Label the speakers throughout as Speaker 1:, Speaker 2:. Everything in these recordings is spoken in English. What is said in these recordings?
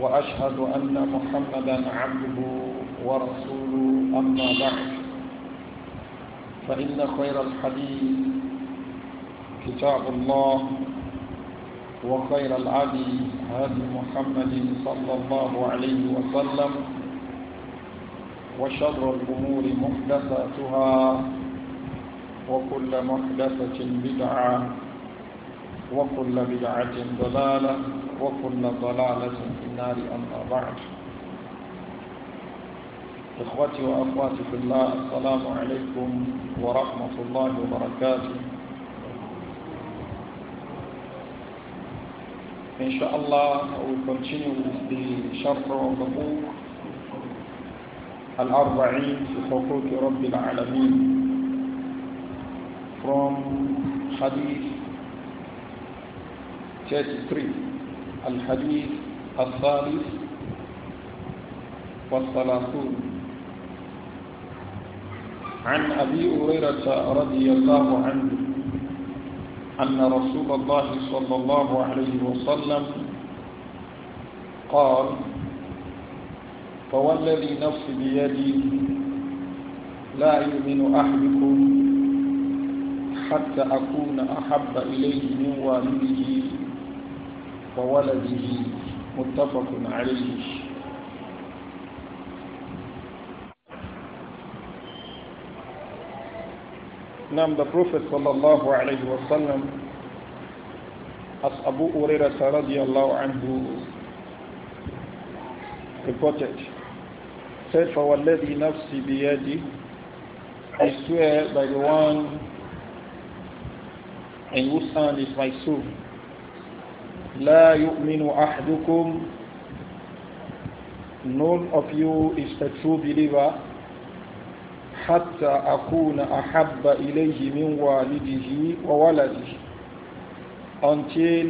Speaker 1: وأشهد أن محمدا عبده ورسوله أما بعد فإن خير الحديث كتاب الله وخير العدي هدي محمد صلى الله عليه وسلم وشر الأمور محدثاتها وكل محدثة بدعة وكل بدعة ضلالة وكل ضلالة النار أما بعد إخوتي وأخواتي في الله السلام عليكم ورحمة الله وبركاته إن شاء الله I will continue with the شرح وضبوك الأربعين في حقوق رب العالمين from حديث 33 الحديث الثالث والثلاثون عن أبي هريرة رضي الله عنه أن رسول الله صلى الله عليه وسلم قال فوالذي نفسي بيدي لا يؤمن أحدكم حتى أكون أحب إليه من والده وولده متفق عليه نعم the Prophet صلى الله عليه وسلم as Abu Hurairah رضي الله عنه reported said فوالذي نفسي بيدي I swear by the one in whose hand is my soul لا يؤمن أحدكم none of you is a true believer حتى أكون أحب إليه من والده وولده until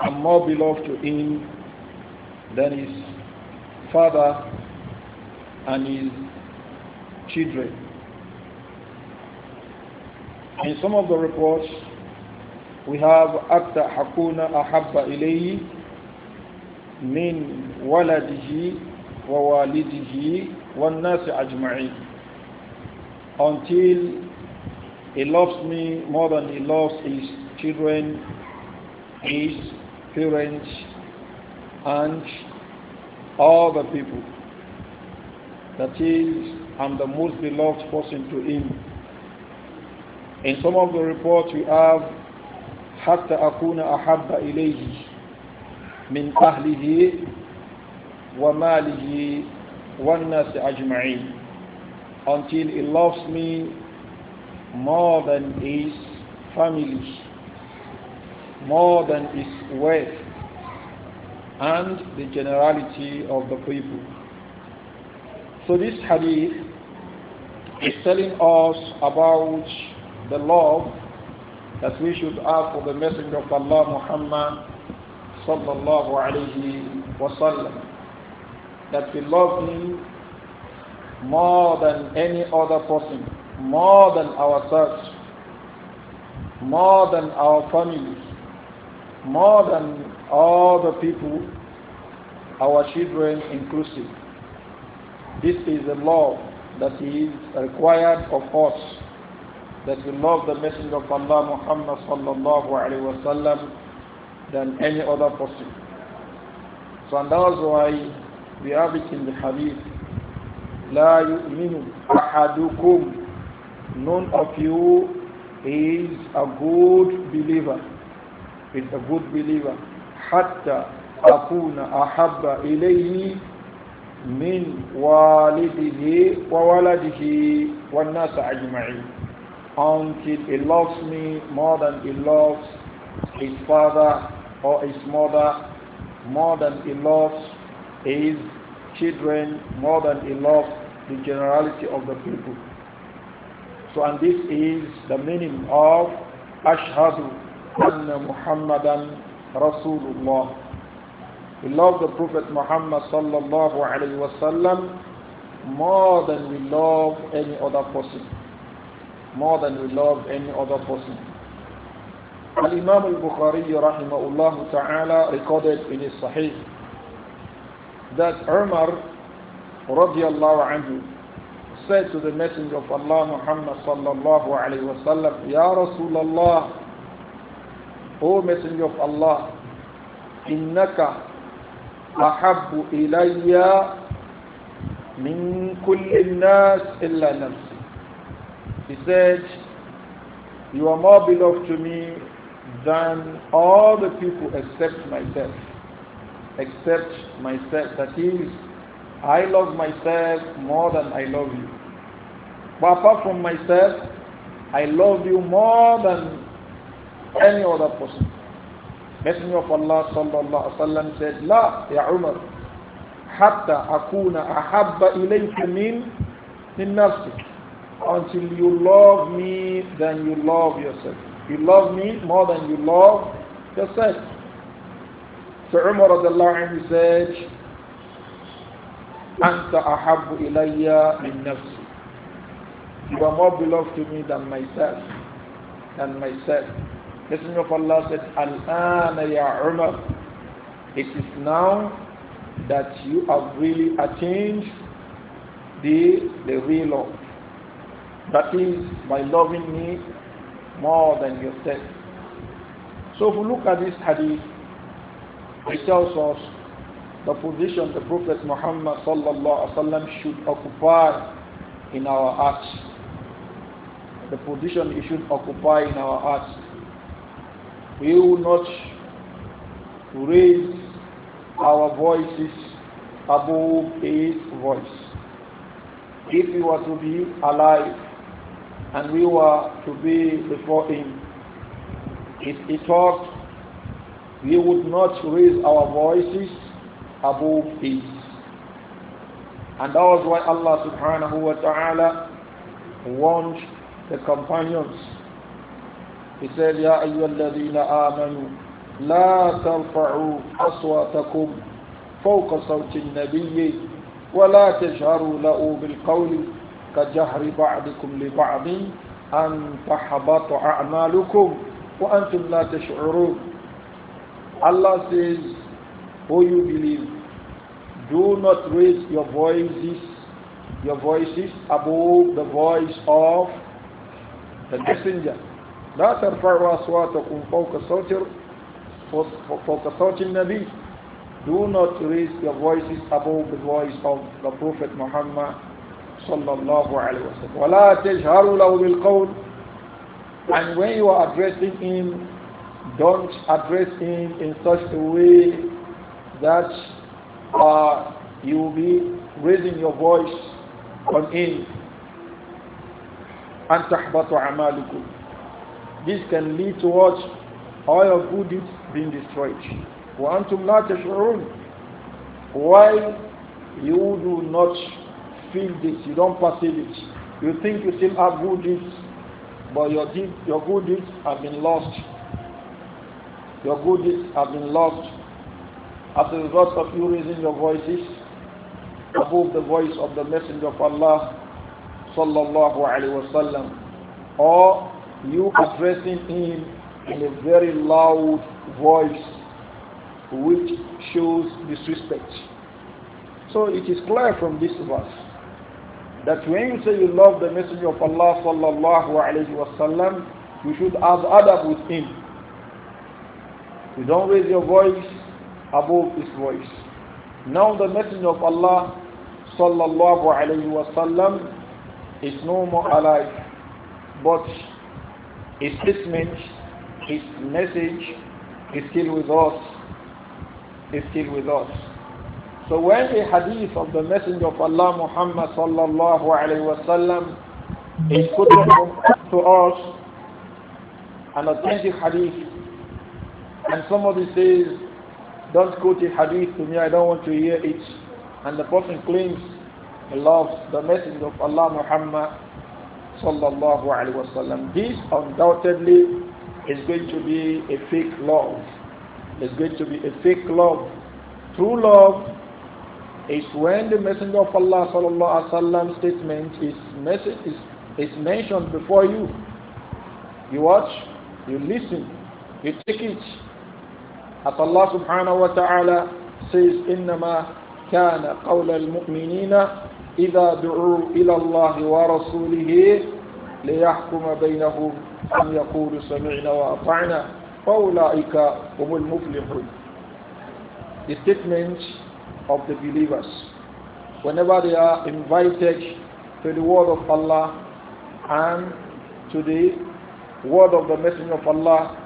Speaker 1: I'm more beloved to him than his father and his children. In some of the reports, we have Atta Hakuna Ahabba Ilayhi Min Waladihi Wa Walidihi Wa Nasi ajma'i, until he loves me more than he loves his children, his parents, and all the people. That is, I'm the most beloved person to him. In some of the reports we have until he loves me more than his family more than his wealth and the generality of the people so this hadith is telling us about the love that we should ask for the Messenger of Allah Muhammad sallallahu alayhi wasallam. That we love him more than any other person, more than ourselves, more than our families, more than all the people, our children inclusive. This is the love that is required of us that you love the Messenger of Allah Muhammad sallallahu alaihi wasallam than any other person. So and that's why we have it in the Hadith. لا يؤمن أحدكم None of you is a good believer. Is a good believer. حتى أكون أحب إليه من والده وولده والناس أجمعين until he loves me more than he loves his father or his mother, more than he loves his children, more than he loves the generality of the people. So, and this is the meaning of Ashhadu Anna Muhammadan Rasulullah. We love the Prophet Muhammad sallallahu alayhi wasallam more than we love any other person more than we love any other person. Al-Imam al-Bukhari rahimahullah ta'ala recorded in his Sahih that Umar radiallahu anhu said to the Messenger of Allah Muhammad sallallahu alayhi wa sallam, Ya Rasulallah, O Messenger of Allah, إنك أحب إلي من كل الناس إلا نفسي he said, You are more beloved to me than all the people except myself. Except myself. That is, I love myself more than I love you. But apart from myself, I love you more than any other person. Messenger of Allah sallallahu alaihi wasallam said, "La ya Umar, hatta akuna ahabba ilayka min min nafsik." until you love me than you love yourself. You love me more than you love yourself. So Umar anhu said, Anta ahabu ilayya min nafsi. You are more beloved to me than myself. Than myself. Messenger of Allah said, Al-ana ya Umar. It is now that you have really attained the, the real love. That is by loving me more than yourself. So if we look at this hadith, it tells us the position the Prophet Muhammad sallallahu alaihi wasallam should occupy in our hearts. The position he should occupy in our hearts. We will not raise our voices above his voice. If we were to be alive, and we were to be before him. If he talked, we would not raise our voices above his. And that was why Allah subhanahu wa ta'ala warned the companions. He said, "Ya يَا أَيُّهَا la آمَنُوا لَا تَرْفَعُوا أَصْوَاتَكُمْ فَوْقَ wa la وَلَا la'u bil بِالْقَوْلِ كجهر بعضكم لبعض أن تحبط أعمالكم وأنتم لا تشعرون Allah says, O you believe, do not raise your voices, your voices above the voice of the messenger. لا ترفعوا أصواتكم فوق صوت فوق صوت النبي. Do not raise your voices above the voice of the Prophet Muhammad صلى الله عليه وسلم ولا تجهروا له بالقول and when you are addressing him don't address him in such a way that uh, you will be raising your voice on him and tahbatu amalukum this can lead towards all your good deeds being destroyed وأنتم لا تشعرون Why you do not feel this, you don't perceive it. You think you still have good deeds, but your, deed, your good deeds have been lost. Your good deeds have been lost as a result of you raising your voices above the voice of the Messenger of Allah sallallahu alaihi wasallam, or you addressing him in a very loud voice, which shows disrespect. So it is clear from this verse that when you say you love the Messenger of Allah sallallahu alayhi wasallam, you should have adab with him. You don't raise your voice above his voice. Now the Messenger of Allah sallallahu alayhi wasallam is no more alive, but his statement, his message is still with us, is still with us. So when a hadith of the Messenger of Allah Muhammad sallallahu alayhi wasallam is put to us, an authentic hadith, and somebody says, don't quote a hadith to me, I don't want to hear it, and the person claims he loves the Messenger of Allah Muhammad sallallahu alayhi wasallam, this undoubtedly is going to be a fake love. It's going to be a fake love. True love is when the Messenger of Allah sallallahu alaihi wasallam statement is, is, is mentioned before you. You watch, you listen, you take it. As Allah subhanahu wa ta'ala says, إِنَّمَا كَانَ قَوْلَ الْمُؤْمِنِينَ إِذَا دُعُوا إِلَى اللَّهِ وَرَسُولِهِ لِيَحْكُمَ بَيْنَهُمْ أَنْ يَقُولُوا سَمِعْنَا وَأَطَعْنَا فَأُولَٰئِكَ هُمُ الْمُفْلِحُونَ The statement of the believers. Whenever they are invited to the word of Allah and to the word of the Messenger of Allah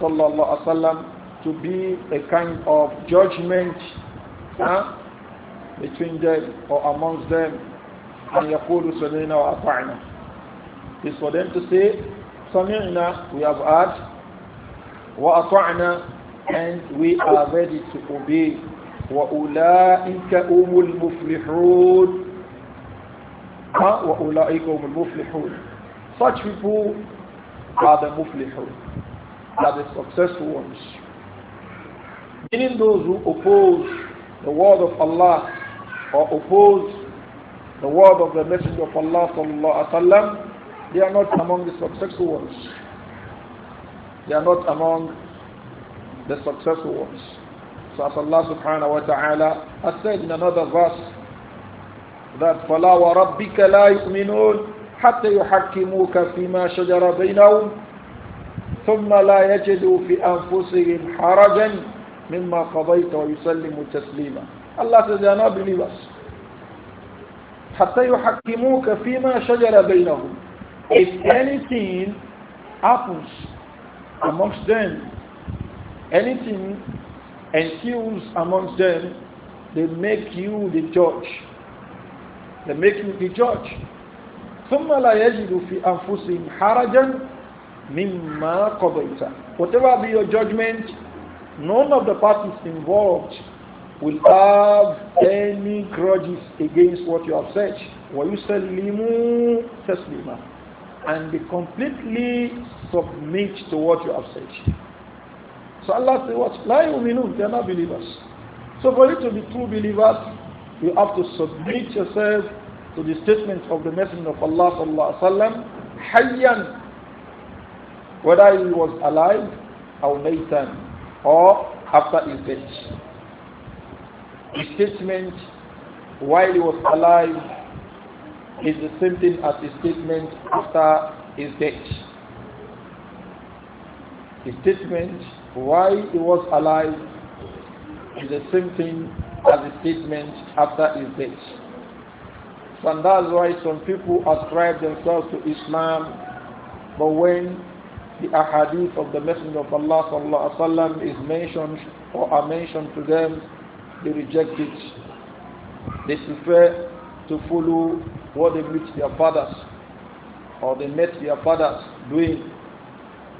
Speaker 1: sallallahu alaihi wasallam to be a kind of judgment huh, between them or amongst them and is for them to say سمعنا we have heard وأطعنا and we are ready to obey وأولئك هم المفلحون وأولئك هم المفلحون Such people are the muflihun, are the successful ones. Meaning those who oppose the word of Allah or oppose the word of the Messenger of Allah sallallahu alaihi wasallam, they are not among the successful ones. They are not among the successful ones. So الله Allah subhanahu wa ta'ala has said in another verse that فَلَا وَرَبِّكَ لَا يُؤْمِنُونَ حَتَّى يُحَكِّمُوكَ فِيمَا شَجَرَ بَيْنَهُمْ ثُمَّ لَا يَجِدُوا فِي أَنفُسِهِمْ حَرَجًا مِمَّا قَضَيْتَ وَيُسَلِّمُوا تَسْلِيمًا Allah says بلي بس not believers. حَتَّى يُحَكِّمُوكَ فِيمَا شَجَرَ بَيْنَهُمْ If anything happens amongst them, anything and choose amongst them, they make you the judge. They make you the judge. ثم لا يجد في أنفسهم حرجا مما قضيت. Whatever be your judgment, none of the parties involved will have any grudges against what you have said. وَيُسَلِّمُوا تَسْلِيمًا And they completely submit to what you have said. So Allah says, What? La know they are not believers. So for you to be true believers, you have to submit yourself to the statement of the Messenger of Allah sallallahu whether he was alive or maytan, or after his death. His statement while he was alive is the same thing as his statement after his death. His statement why he was alive is the same thing as the statement after his death. And that's why some people ascribe themselves to Islam, but when the ahadith of the Messenger of Allah sallallahu is mentioned or are mentioned to them, they reject it. They prefer to follow what they meet their fathers or they met their fathers doing.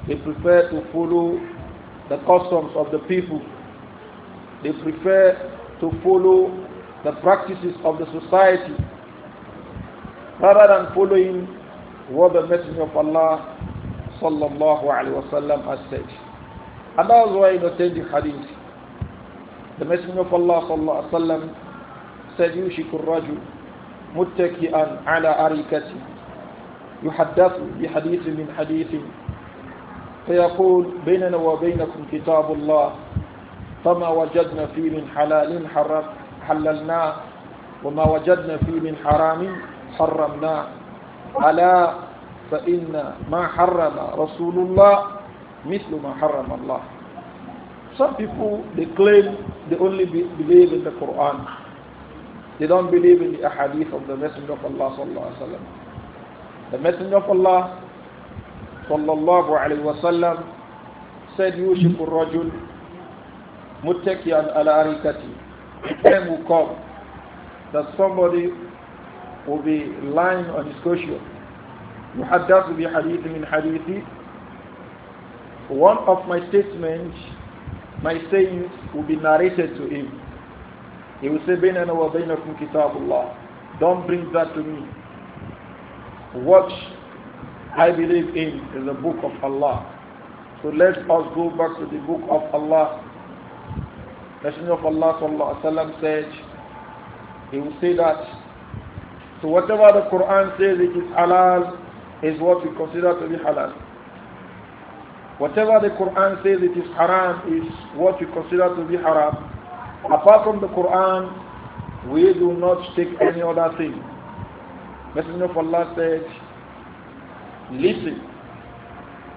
Speaker 1: They prefer to follow the customs of the people. They prefer to follow the practices of the society rather than following what the Messenger of Allah sallallahu alaihi wasallam has said. And that is why in the hadith, the Messenger of Allah sallallahu alaihi wasallam said, يُشِكُ الرَّجُلُ مُتَّكِئًا عَلَى أَرِكَةٍ يُحَدَّثُ بِحَدِيثٍ مِنْ حَدِيثٍ فيقول بيننا وبينكم كتاب الله فما وجدنا فيه من حلال حللناه وما وجدنا فيه من حرام حرمناه ألا فإن ما حرم رسول الله مثل ما حرم الله Some people, they claim they only believe in the Quran. They don't believe in the ahadith of the Messenger of Allah The Messenger of Allah sallallahu alayhi wa sallam said يوشك الرجل متكئا على أريكته time will come that somebody will be lying on his cushion يحدث بحديث من حديثي one of my statements my sayings will be narrated to him he will say بيننا وبينكم كتاب الله don't bring that to me watch I believe in is the book of Allah. So let us go back to the book of Allah. Messenger of Allah sallallahu alaihi wasallam said, he will say that. So whatever the Quran says it is halal is what we consider to be halal. Whatever the Quran says it is haram is what we consider to be haram. Apart from the Quran, we do not take any other thing. Messenger of Allah said, Listen.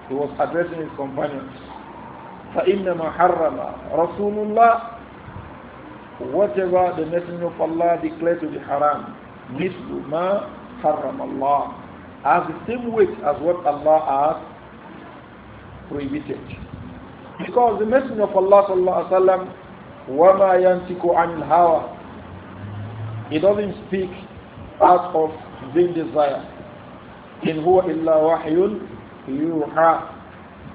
Speaker 1: He was addressing his companions. فَإِنَّمَا حَرَّمَ رَسُولُ اللَّهِ Whatever the Messenger of Allah declared to be haram, مِثْلُ مَا حَرَّمَ اللَّهِ As the same weight as what Allah has prohibited. Because the Messenger of Allah sallallahu alaihi wasallam, وَمَا يَنْتِكُ عَنِ الْهَوَى He doesn't speak out of vain desire. In huwa illa wahyun yuha.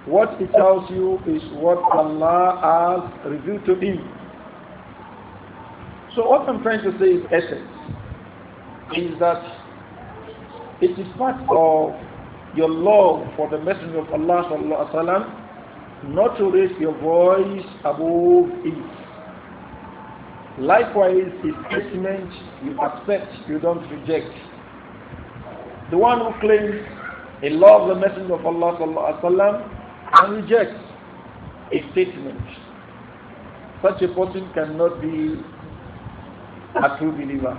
Speaker 1: What he tells you is what Allah has revealed to him. So what I'm trying to say is essence is that it is part of your love for the Messenger of Allah sallallahu alaihi wasallam not to raise your voice above it. Likewise, his statement you accept, you don't reject. The one who claims he loves the Messenger of Allah and rejects a statement, such a person cannot be a true believer.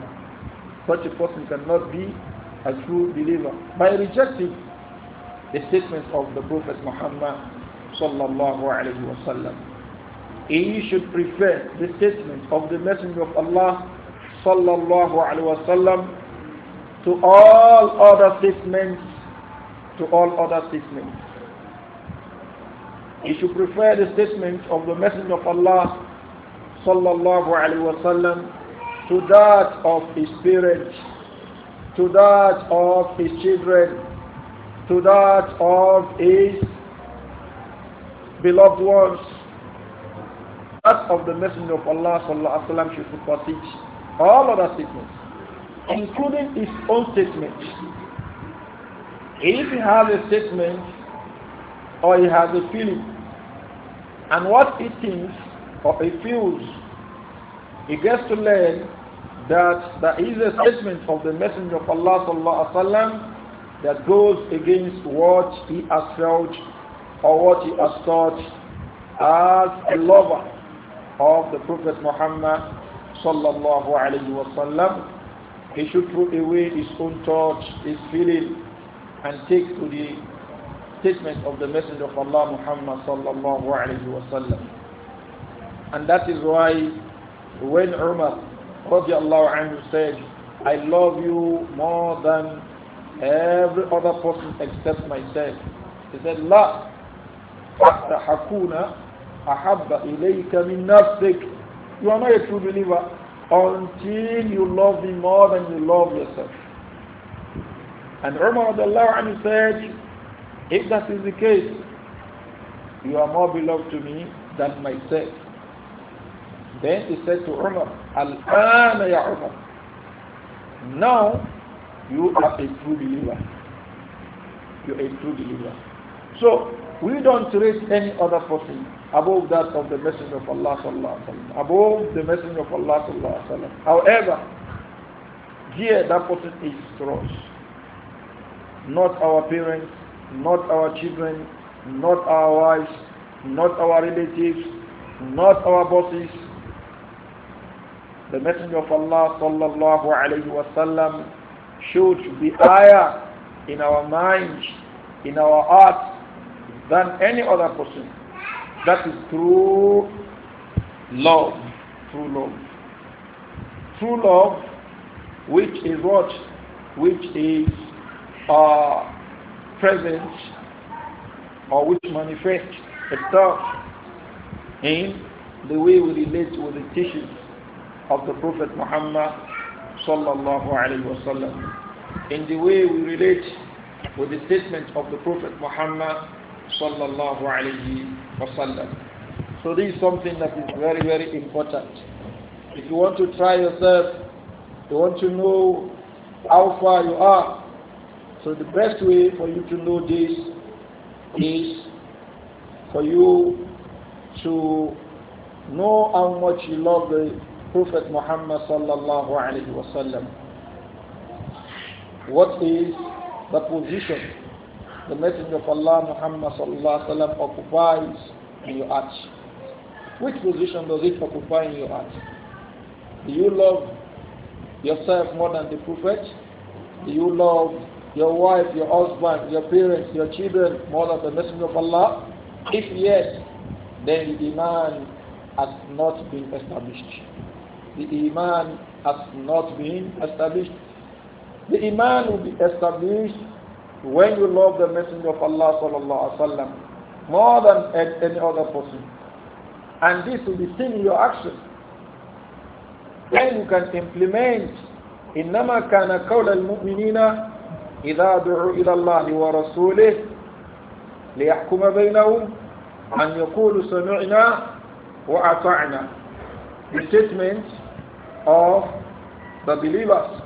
Speaker 1: Such a person cannot be a true believer by rejecting the statements of the Prophet Muhammad sallallahu alaihi wasallam. He should prefer the statement of the Messenger of Allah sallallahu wasallam to all other statements, to all other statements. You should prefer the statement of the Messenger of Allah sallallahu alaihi wasallam to that of his parents, to that of his children, to that of his beloved ones. That of the Messenger of Allah sallallahu alaihi wasallam should supersede all other statements including his own statement. If he has a statement or he has a feeling, and what he thinks or he feels, he gets to learn that there is a statement of the Messenger of Allah sallallahu that goes against what he has felt or what he has thought as a lover of the Prophet Muhammad الله عليه وسلم he should throw away his own thoughts, his feeling, and take to the statement of the Messenger of Allah Muhammad sallallahu alaihi wasallam. And that is why when Umar radiallahu anhu said, I love you more than every other person except myself. He said, لا hakuna, أحب ilayka min nafsik. You are not a true believer until you love him more than you love yourself. And Umar said, if that is the case, you are more beloved to me than myself. Then he said to Umar, al ya Umar. Now you are a true believer. You are a true believer. So we don't rate any other person above that of the Messenger of Allah sallallahu alaihi wasallam, above the Messenger of Allah sallallahu alaihi wasallam. However, here that person is to us, not our parents, not our children, not our wives, not our relatives, not our bosses. The Messenger of Allah sallallahu alaihi wasallam should be higher in our minds, in our hearts, than any other person. That is through love. Through love. Through love, which is what? Which is uh, present or which manifests itself in the way we relate with the teachings of the Prophet Muhammad sallallahu alaihi wasallam, in the way we relate with the statements of the Prophet Muhammad sallallahu alaihi wasallam. So this is something that is very, very important. If you want to try yourself, you want to know how far you are, so the best way for you to know this is for you to know how much you love the Prophet Muhammad sallallahu alaihi wasallam. What is the position the Messenger of Allah Muhammad sallallahu alaihi wasallam occupies in your heart? Which position does it occupy in your heart? Do you love yourself more than the Prophet? Do you love your wife, your husband, your parents, your children more than the Messenger of Allah? If yes, then the Iman has not been established. The Iman has not been established. The Iman will be established when you love the Messenger of Allah sallallahu alaihi wasallam more than any other person. And this will be seen in your actions. Then you can implement إنما كان قول المؤمنين إذا دعوا إلى الله ورسوله ليحكم بينهم أن يقولوا سمعنا وأطعنا the statement of the believers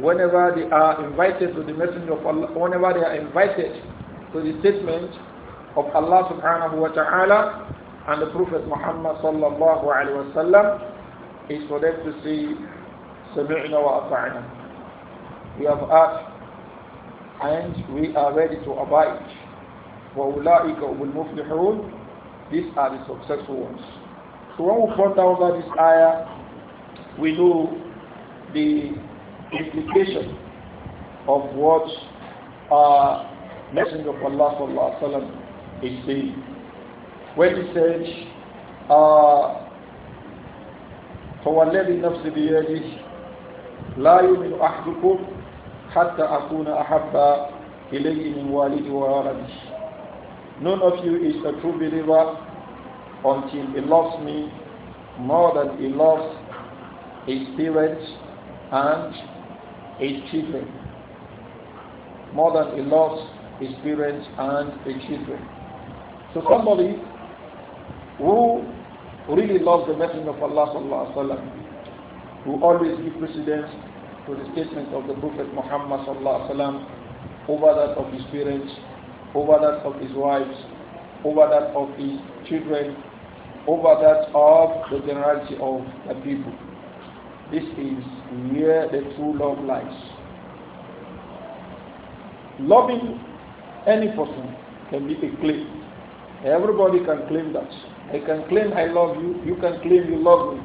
Speaker 1: whenever they are invited to the message of Allah, whenever they are invited to the statement of Allah subhanahu wa ta'ala and the Prophet Muhammad sallallahu alayhi wa sallam, is for them to say, Sami'na wa ata'na. We have asked and we are ready to abide. وَأُولَٰئِكَ هُمُ الْمُفْلِحُونَ These are the successful ones. So when we ponder over this ayah, we know the implication of what uh, Messenger of Allah sallallahu sallam, is saying. When he said, uh, فوالذي نفسي بيده لا يؤمن أحدكم حتى أكون أحب إليه من والده وولده None of you is a true believer until he loves me more than he loves his parents and his children. More than he lost his parents and his children. So somebody who really loves the message of Allah sallallahu Wa wasallam, who always give precedence to the statement of the Prophet Muhammad sallallahu alaihi wasallam over that of his parents, over that of his wives, over that of his children, over that of the generality of the people. This is where the true love lies. Loving any person can be a claim. Everybody can claim that. I can claim I love you, you can claim you love me.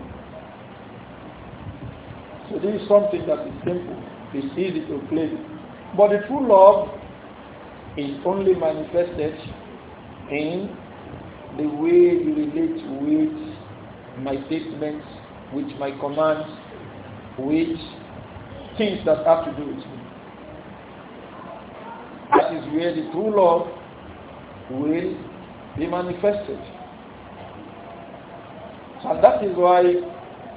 Speaker 1: So this is something that is simple, it's easy to claim. But the true love is only manifested in the way you relate with my statements, with my commands, with things that have to do with me. That is where the true love will be manifested. And that is why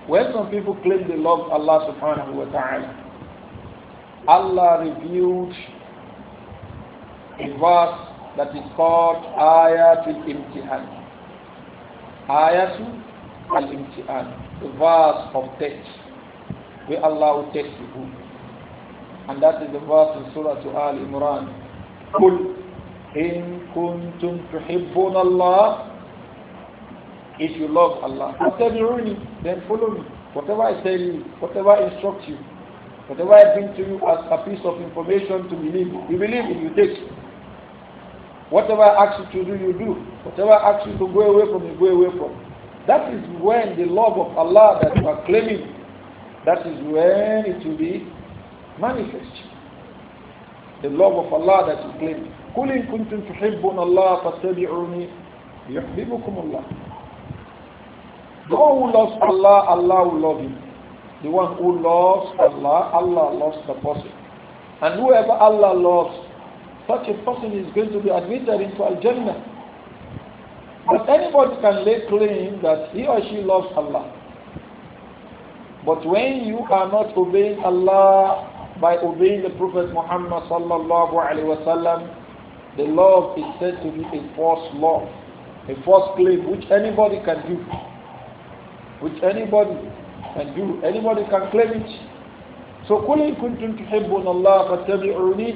Speaker 1: when some people claim they love Allah subhanahu wa ta'ala, Allah revealed a verse that is called Ayatul Imtihan. Ayatul Al-Imtihan, the verse of text where Allah will test you, And that is the verse in Surah to Al Imran. قل kun كنتم تحبون Allah. If you love Allah, you, then follow me. Whatever I tell you, whatever I instruct you, whatever I bring to you as a piece of information to believe, you believe it, you take it. Whatever I ask you to do, you do. Whatever I ask you to go away from, you go away from. That is when the love of Allah that you are claiming that is when it will be manifest. The love of Allah that you claim. قُلْ إِن كُنْتُمْ تُحِبُّونَ اللَّهَ فَاتَّبِعُونِي يُحْبِبُكُمُ اللَّهُ the one who loves Allah, Allah will love him. The one who loves Allah, Allah loves the person. And whoever Allah loves, such a person is going to be admitted into Al Jannah. But anybody can lay claim that he or she loves Allah. But when you are not obeying Allah by obeying the Prophet Muhammad sallallahu alaihi wasallam, the love is said to be a false law, a false claim which anybody can do, which anybody can do, anybody can claim it. So قُلْ إِن كُنْتُمْ تُحِبُّونَ اللَّهَ فَاتَّبِعُونِي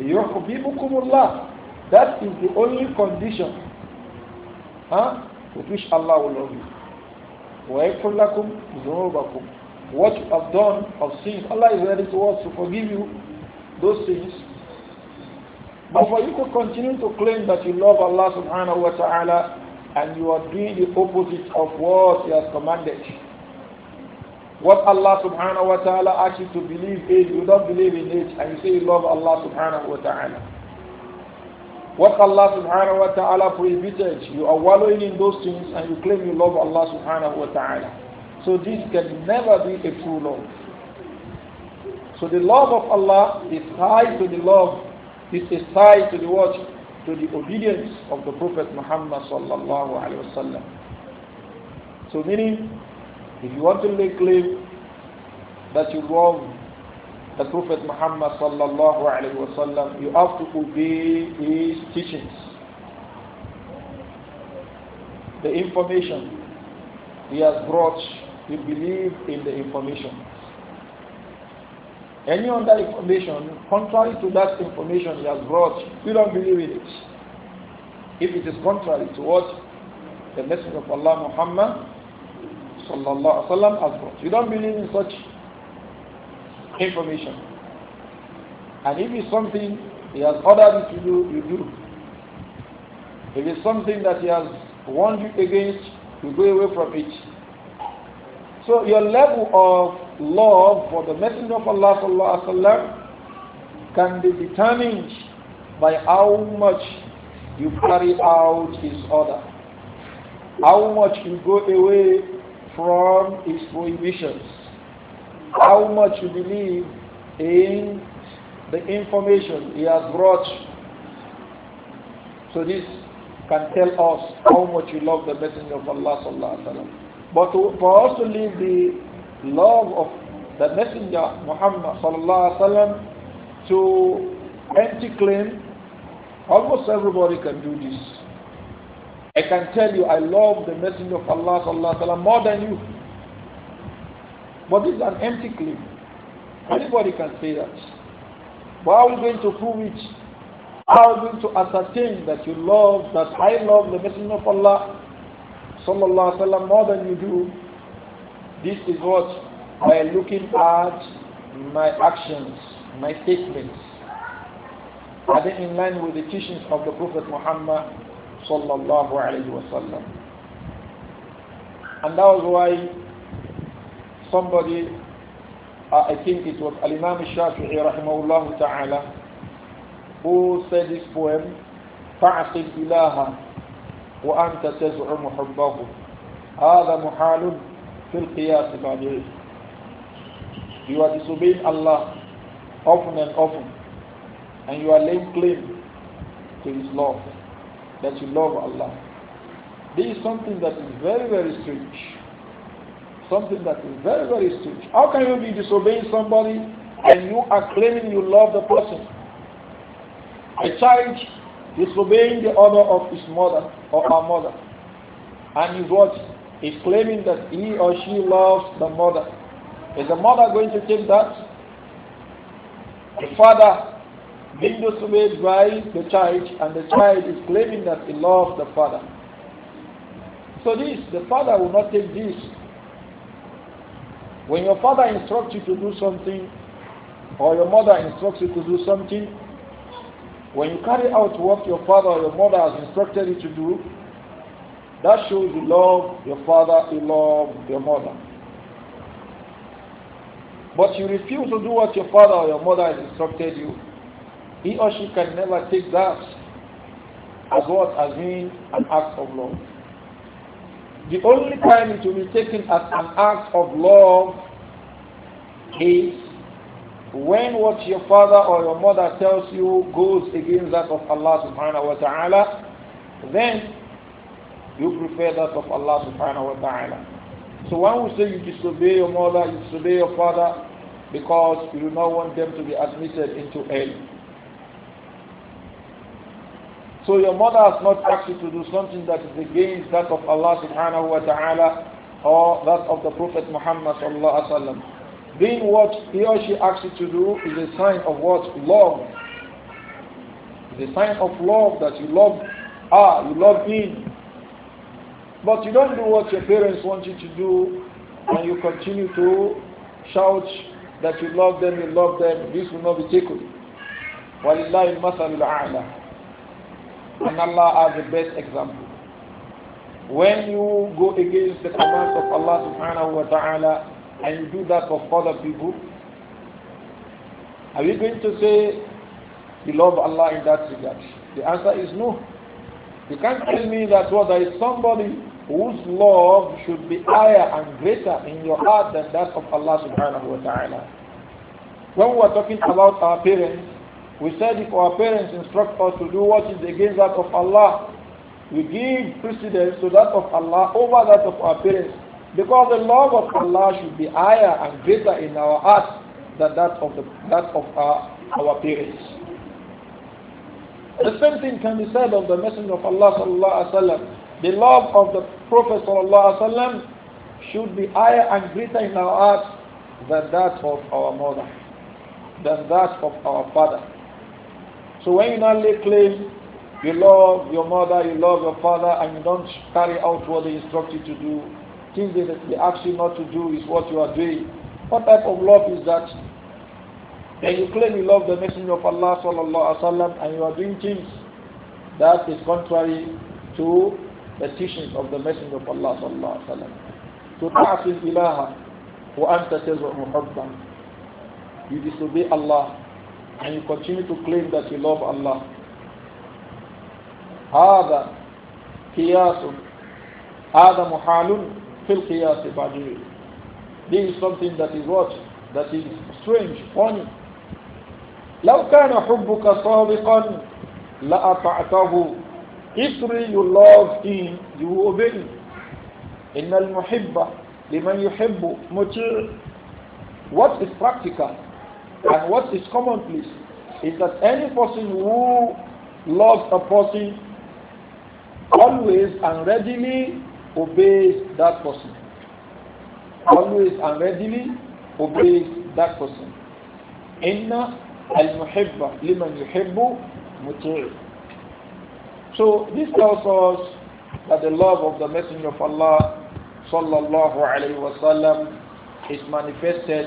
Speaker 1: يُحْبِبُكُمُ اللَّهُ That is the only condition huh, with which Allah will love you. وَيَكْفُرْ لَكُمْ ذُنُوبَكُمْ what you have done of sins, Allah is ready to us to forgive you those sins. But for you to continue to claim that you love Allah subhanahu wa ta'ala and you are doing the opposite of what He has commanded. What Allah subhanahu wa ta'ala asks you to believe in, you don't believe in it, and you say you love Allah subhanahu wa ta'ala. What Allah subhanahu wa ta'ala prohibited, you are wallowing in those things and you claim you love Allah subhanahu wa ta'ala. So this can never be a true love. So the love of Allah is tied to the love, is tied to the what? To the obedience of the Prophet Muhammad sallallahu alaihi wasallam. So meaning, if you want to make claim that you love the Prophet Muhammad sallallahu alaihi wasallam, you have to obey his teachings, the information he has brought we believe in the information. Any other information, contrary to that information he has brought, we don't believe in it. If it is contrary to what the message of Allah Muhammad sallallahu sallam, has brought, we don't believe in such information. And if it's something he has ordered you to do, you do. If it's something that he has warned you against, you go away from it. So your level of love for the Messenger of Allah sallallahu alaihi wasallam can be determined by how much you carry out his order, how much you go away from his prohibitions, how much you believe in the information he has brought. So this can tell us how much you love the Messenger of Allah sallallahu alaihi wasallam. But to, for us to live the love of the Messenger Muhammad sallallahu alaihi wasallam to empty claim, almost everybody can do this. I can tell you, I love the Messenger of Allah sallallahu alaihi wasallam more than you. But it's an empty claim. Anybody can say that. But how are we going to prove it? How are we going to ascertain that you love, that I love the Messenger of Allah sallallahu alaihi wasallam more than you do. This is what by looking at my actions, my statements. Are they in line with the teachings of the Prophet Muhammad sallallahu alaihi wasallam? And that was why somebody, uh, I think it was Al Imam Shafi'i rahimahullah ta'ala, who said this poem, فَعْصِ الْإِلَهَ وأنت تزعم حبه هذا محال في القياس بعد You are disobeying Allah often and often and you are laying claim to His love that you love Allah. This is something that is very very strange. Something that is very very strange. How can you be disobeying somebody and you are claiming you love the person? A child disobeying the order of his mother or her mother. And he's what? He's claiming that he or she loves the mother. Is the mother going to take that? The father being disobeyed by the child, and the child is claiming that he loves the father. So this, the father will not take this. When your father instructs you to do something, or your mother instructs you to do something, when you carry out what your father or your mother has instructed you to do, that shows you love your father, you love your mother. But you refuse to do what your father or your mother has instructed you, he or she can never take that as what has been an act of love. The only time it will be taken as an act of love is when what your father or your mother tells you goes against that of Allah subhanahu wa ta'ala, then you prefer that of Allah subhanahu wa ta'ala. So when we say you disobey your mother, you disobey your father, because you do not want them to be admitted into hell. So your mother has not asked you to do something that is against that of Allah subhanahu wa ta'ala or that of the Prophet Muhammad sallallahu alaihi wasallam. Being what he or she asks you to do is a sign of what? Love. It's a sign of love that you love ah, you love him. But you don't do what your parents want you to do and you continue to shout that you love them, you love them, this will not be taken. وَلِلَّهِ الْمَثَلُ الْأَعْلَى And Allah has the best example. When you go against the commands of Allah subhanahu wa ta'ala, and you do that of other people? Are we going to say you love Allah in that regard? The answer is no. You can't tell me that well, there is somebody whose love should be higher and greater in your heart than that of Allah subhanahu wa ta'ala. When we were talking about our parents, we said if our parents instruct us to do what is against that of Allah, we give precedence to that of Allah over that of our parents because the love of Allah should be higher and greater in our hearts than that of, the, that of our, uh, our parents. The same thing can be said of the Messenger of Allah sallallahu alaihi wasallam. The love of the Prophet sallallahu alaihi wasallam should be higher and greater in our hearts than that of our mother, than that of our father. So when you now lay claim, you love your mother, you love your father, and you don't carry out what they instructed you to do, things they, they ask you not to do is what you are doing. What type of love is that? Then you claim you love the Messenger of Allah sallallahu alaihi wasallam and you are doing things that is contrary to the teachings of the Messenger of Allah sallallahu alaihi wasallam. تعصي الإله وأنت تزرع حبا You disobey Allah and you continue to claim that you love Allah. هذا قياس هذا محال this is something that is what? That is strange, funny. لو كان حبك صادقا لأطعته If really you love him, you obey him. إن المحب لمن يحب مطيع What is practical and what is commonplace is that any person who loves a person always and readily obeys that person. Always and readily obeys that person. Inna al-muhibba liman yuhibbu muti'u. So this tells us that the love of the Messenger of Allah sallallahu alayhi wasallam is manifested,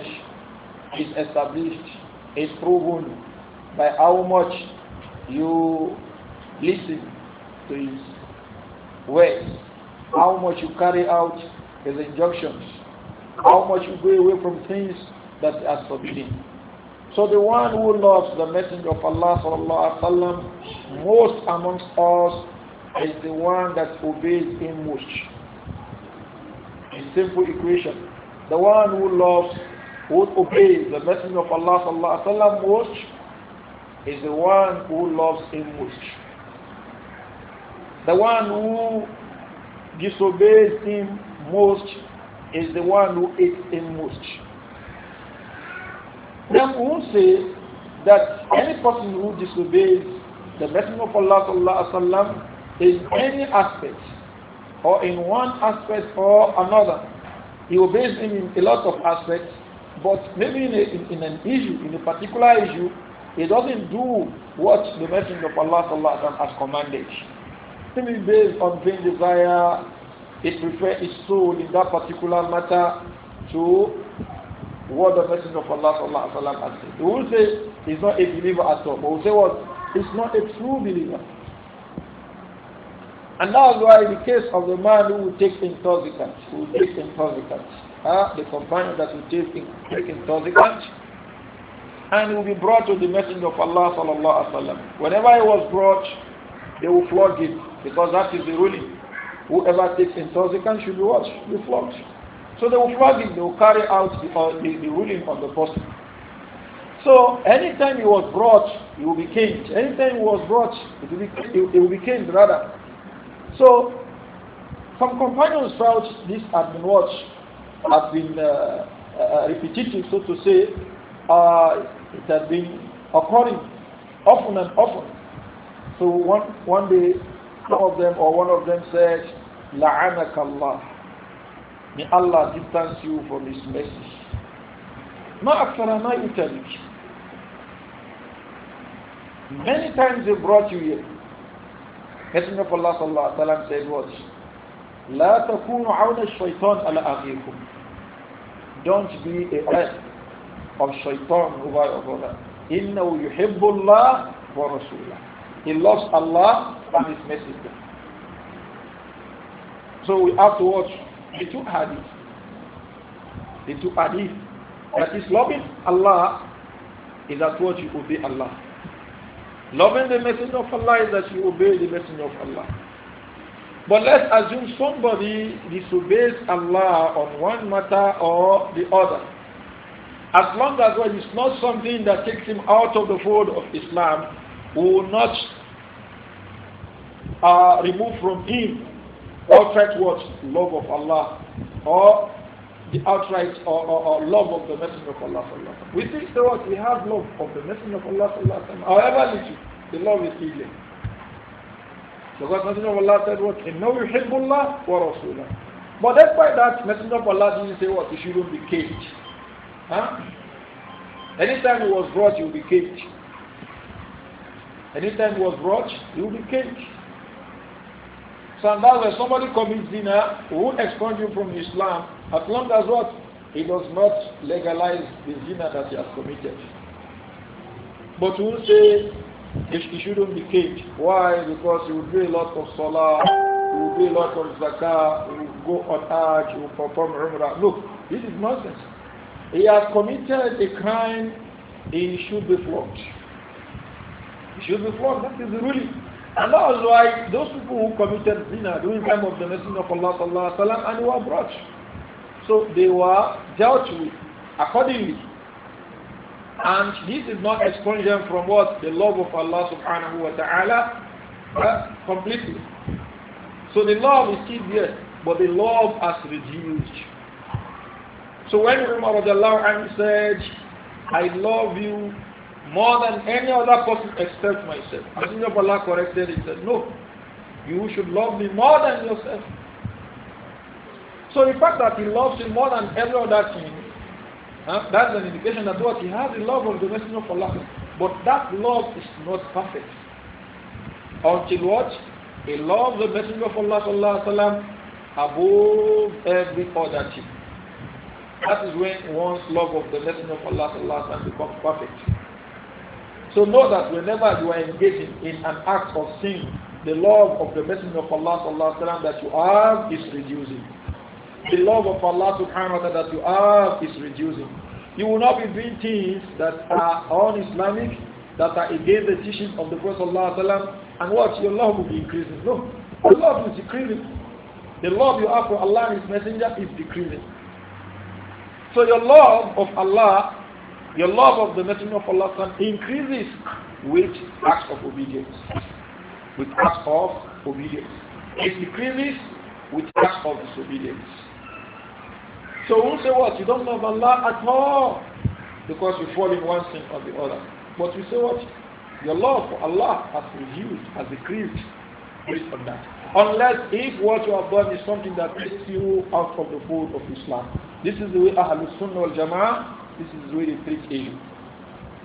Speaker 1: is established, is proven by how much you listen to his words how much you carry out his injunctions, how much you go away from things that are forbidden. So the one who loves the Messenger of Allah sallallahu alaihi wasallam most amongst us is the one that obeys him most. A simple equation. The one who loves, who obeys the Messenger of Allah sallallahu alaihi wasallam most is the one who loves him most. The one who disobeys him most is the one who hates him most. Then we won't say that any person who disobeys the Messenger of Allah sallallahu in any aspect or in one aspect or another. He obeys him in a lot of aspects, but maybe in, a, in, in an issue, in a particular issue, he doesn't do what the Messenger of Allah sallallahu has commanded simply based on vain desire, it refers its soul in that particular matter to what the message of Allah sallallahu alaihi wasallam has said. They will say he's not a believer at all, but will say what? He's not a true believer. And that's why the case of the man who will take intoxicants, who will take intoxicants, huh? the companion that will take, take intoxicants, and will be brought to the message of Allah sallallahu alaihi wasallam. Whenever he was brought, they will flog him. Because that is the ruling. Whoever takes intoxicant should be watched, Be flogged. So they will flog him, they will carry out the, uh, the, the ruling on the person. So anytime he was brought, he will be caned. Anytime he was brought, it will be, it will be caned rather. So some companions felt this had been watched, had been uh, uh, uh, repetitive, so to say. Uh, it had been occurring often and often. So one one day some of them or one of them said, La'anak Allah. May Allah distance you from His mercy. ما أكثر ما يتلك. Many times they brought you here. Messenger of Allah sallallahu alaihi wasallam said what? لا تكونوا عون الشيطان على أخيكم. Don't be a threat of shaitan over your brother. إنه يحب الله ورسوله. He loves Allah and His Messenger. So we have to watch the two hadith. The two hadith. That is loving Allah is that what you obey Allah. Loving the Messenger of Allah is that you obey the Messenger of Allah. But let's assume somebody disobeys Allah on one matter or the other. As long as well, it's not something that takes him out of the fold of Islam, we will not uh, remove from him outright what? Love of Allah or the outright or, or, or love of the Messenger of Allah. we think so what? We have love of the Messenger of Allah. However little, the love is healing. Because Messenger of Allah said what? إِنَّهُ يُحِبُّ اللَّهِ Allah." But despite that, Messenger of Allah didn't say what? You shouldn't be caged. Huh? Anytime he was brought, you will be caged. Anytime he was brought, he will be killed. So that's why somebody commits zina, who expunge him from Islam, as long as what? He does not legalize the zina that he has committed. But we will say he shouldn't be killed. Why? Because he will do a lot of salah, he will do a lot of zakah, he will go on hajj, he will perform umrah. Look, this is nonsense. He has committed a crime, he should be flogged. Should be flogged. That is the ruling. And that was why those people who committed zina during the time of the Messenger of Allah sallallahu alaihi wasallam and were brought. So they were dealt with accordingly. And this is not expunging from what? The love of Allah subhanahu wa ta'ala uh, completely. So the love is still there, but the love has reduced. So when Umar said, I love you more than any other person except myself. Messenger of Allah corrected He said, No, you should love me more than yourself. So the fact that he loves him more than every other thing, huh, that's an indication that what he has the love of the Messenger of Allah. But that love is not perfect. Until what? He loves the Messenger of Allah sallallahu sallam, above every other thing. That is when one's love of the Messenger of Allah sallallahu sallam, becomes perfect. So know that whenever you are engaging in an act of sin, the love of the Messenger of Allah sallallahu sallam, that you have is reducing. The love of Allah subhanahu wa ta'ala that you have is reducing. You will not be doing things that are un-Islamic, that are against the teaching of the Prophet sallallahu Wasallam, and what? Your love will be increasing. No, your love is decreasing. The love you have for Allah and His Messenger is decreasing. So your love of Allah your love of the Messenger of Allah increases with acts of obedience. With acts of obedience. It decreases with acts of disobedience. So who say what? You don't love Allah at all because you fall in one sin or the other. But we say what? Your love for Allah has reduced, has decreased based on that. Unless if what you have done is something that takes you out of the fold of Islam. This is the way Ahlul Sunnah wal Jama'ah this is really tricky.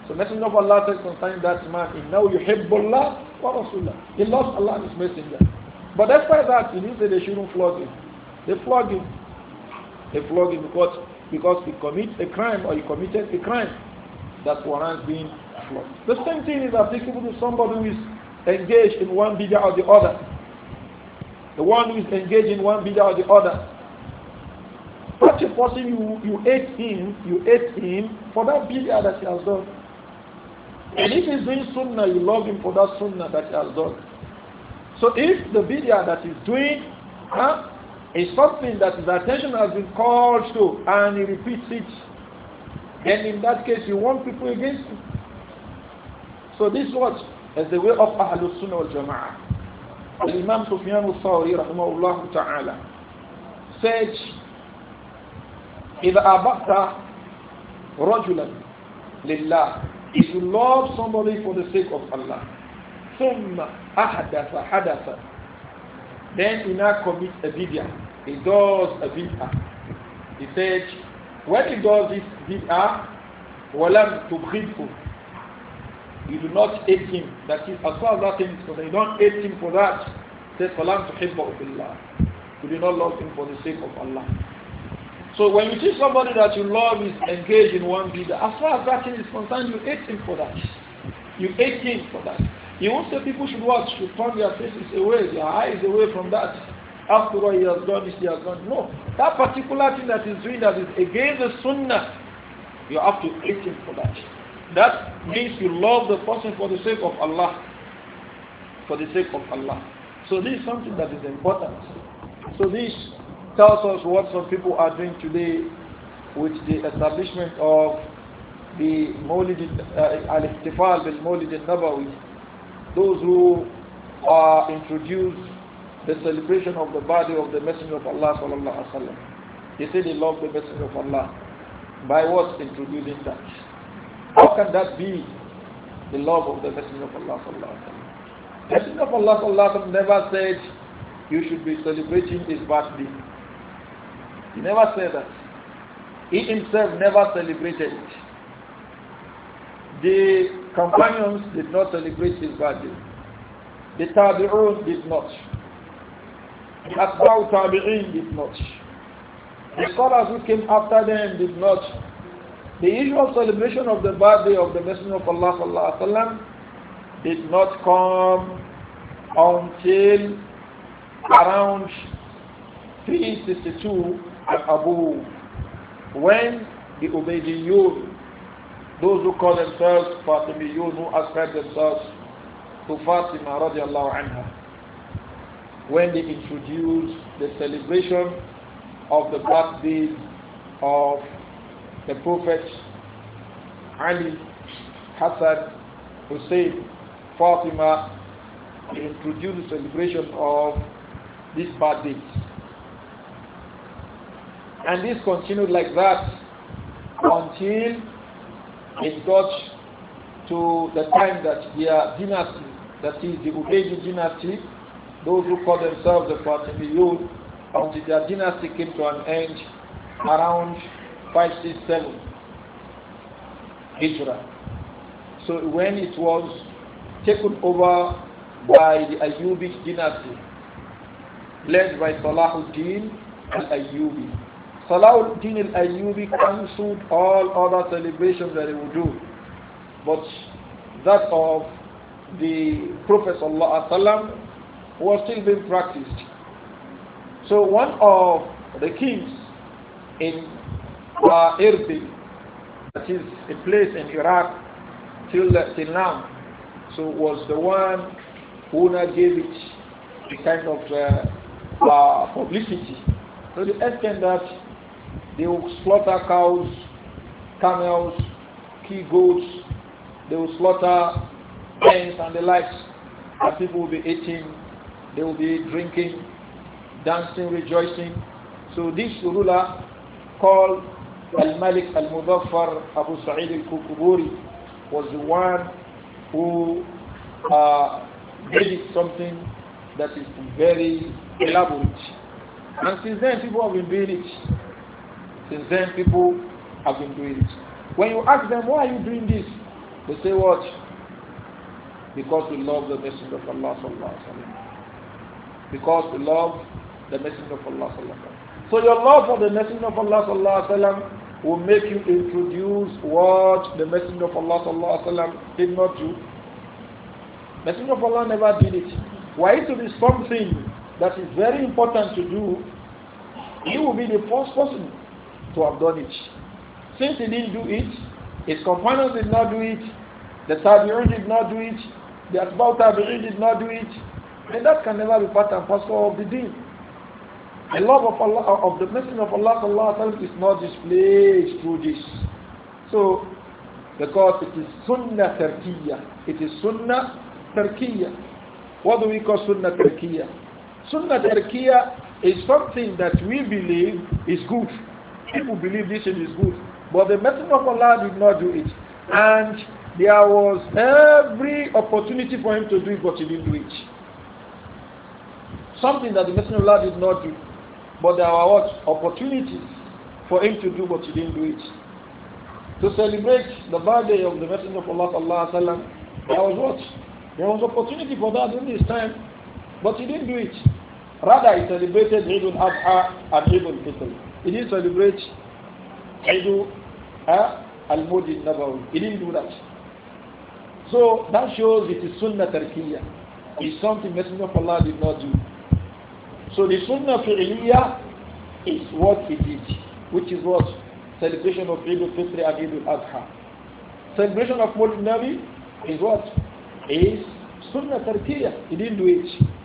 Speaker 1: So Messenger of Allah says concerning that man, إِنَّهُ يُحِبُّ اللَّهِ Rasulah. He loves Allah and His Messenger. But despite that, he didn't say they shouldn't flog him. They flog him. They flog him because, because he commits a crime or he committed a crime that warrants being flogged. The same thing is applicable to somebody who is engaged in one bid'ah or the other. The one who is engaged in one bid'ah or the other. Such a person, you, you hate him, you hate him for that bid'ah that he has done. And if he's doing sunnah, you love him for that sunnah that he has done. So if the bid'ah that he's doing huh, is something that his attention has been called to and he repeats it, then in that case you want people against him. So this was as the way of Ahlus Sunnah wal Jama'ah. Imam Sufyan al-Thawri rahimahullah ta'ala said إذا أبقت رجلا لله if you love somebody for the sake of Allah ثم أحدث حدث then he now commit a bid'ah he does a bid'ah he said when he does this bid'ah ولم تبغضه you do not hate him that is as far as that thing is concerned you don't hate him for that says فلم تحبه في الله you do not love him for the sake of Allah so when you see somebody that you love is engaged in one bid'ah, as far as that thing is concerned, you hate him for that. You hate him for that. You won't say people should watch, should turn their faces away, their eyes away from that. After all he has done this, he has done. No. That particular thing that he's doing that is against the sunnah, you have to hate him for that. That means you love the person for the sake of Allah. For the sake of Allah. So this is something that is important. So this tells us what some people are doing today with the establishment of the Mawlid uh, al-Ihtifal bil al-Nabawi. Those who are introduced the celebration of the body of the Messenger of Allah sallallahu alaihi wasallam. They say they love the Messenger of Allah. By what introducing that? How can that be the love of the Messenger of Allah sallallahu alaihi wasallam? The Messenger of Allah sallallahu alaihi wasallam never said you should be celebrating his birthday. He never said that. He himself never celebrated it. The companions did not celebrate his birthday. The Tabi'un did not. The Asba'u Tabi'in did not. The scholars who came after them did not. The usual celebration of the birthday of the Messenger of Allah sallallahu did not come until around 362 Abu, when the Umayyad, those who call themselves Fatimiyun, who ascribe themselves to Fatima radiallahu anha, when they introduced the celebration of the birthday of the Prophet Ali, Hassan, Hussein, Fatima, they introduced the celebration of these birthdays. And this continued like that until it got to the time that their dynasty, that is the Ubaydi dynasty, those who call themselves the Fatimiyun, until their dynasty came to an end around 567 Hijrah. So when it was taken over by the Ayyubic dynasty, led by Salahuddin al-Ayyubi. Salahuddin al-Ayyubi cancelled all other celebrations that he would do. But that of the Prophet ﷺ was still being practiced. So one of the kings in uh, Erbil, that is a place in Iraq till, till now, so was the one who now gave it the kind of uh, uh, publicity. So the extent that they will slaughter cows, camels, key goats. They will slaughter hens and the likes. And people will be eating. They will be drinking, dancing, rejoicing. So this ruler called Al-Malik Al-Muzaffar Abu Sa'id Al-Kukuburi was the one who uh, did something that is very elaborate. And since then people have been doing it. Since then, people have been doing it. When you ask them, why are you doing this? They say, what? Because we love the message of Allah Because we love the message of Allah So your love for the message of Allah will make you introduce what the message of Allah did not do. Messenger of Allah never did it. Why it will be something that is very important to do, You will be the first person to have done it. Since he didn't do it, his companions did not do it, the Tabi'un did not do it, the Asbaw Tabi'un did not do it, and that can never be part and parcel of the deen. The love of Allah, of the blessing of Allah Allah is not displayed through this. So, because it is sunnah tarkiyah. It is sunnah tarkiyah. What do we call sunnah tarkiyah? Sunnah tarkiyah is something that we believe is good people believe this thing is good. But the Messenger of Allah did not do it. And there was every opportunity for him to do it, but he didn't do it. Something that the Messenger of Allah did not do. But there were what? Opportunities for him to do, but he didn't do it. To celebrate the birthday of the Messenger of Allah, Allah sallam, there was what? There was opportunity for that in this time, but he didn't do it. Rather, he celebrated Eid al-Adha and Eid al-Fitr. He didn't celebrate Eid eh, al-Mawlid Nabawi. He didn't do that. So that shows it is Sunnah Tarkiyah. It's something Messenger of Allah did not do. So the Sunnah Fi'liyah is what he did, which is what? Celebration of Eid al-Fitr and Eid al-Adha. Celebration of Mawlid Nabi is what? Is Sunnah Tarkiyah. He didn't do it.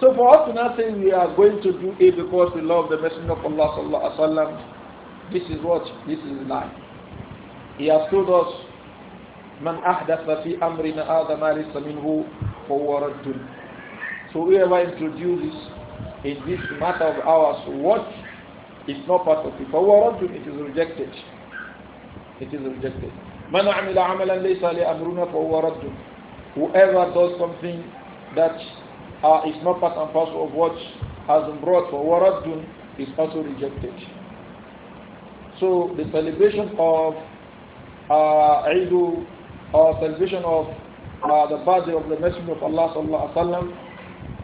Speaker 1: So for us to not say we are going to do it because we love the Messenger of Allah sallallahu alaihi wasallam, this is what this is like. He has told us, "Man ahdatha fi amrina hadha ma laysa minhu fawaradun." So whoever introduces in this matter of ours what is not part of it, fawaradun, it is rejected. It is rejected. Man amila amalan laysa li amruna fawaradun. Whoever does something that uh, is not part and parcel of what has been brought for Waradun is also rejected. So the celebration of uh, Eidu, or uh, celebration of uh, the birthday of the Messenger of Allah sallallahu alaihi wasallam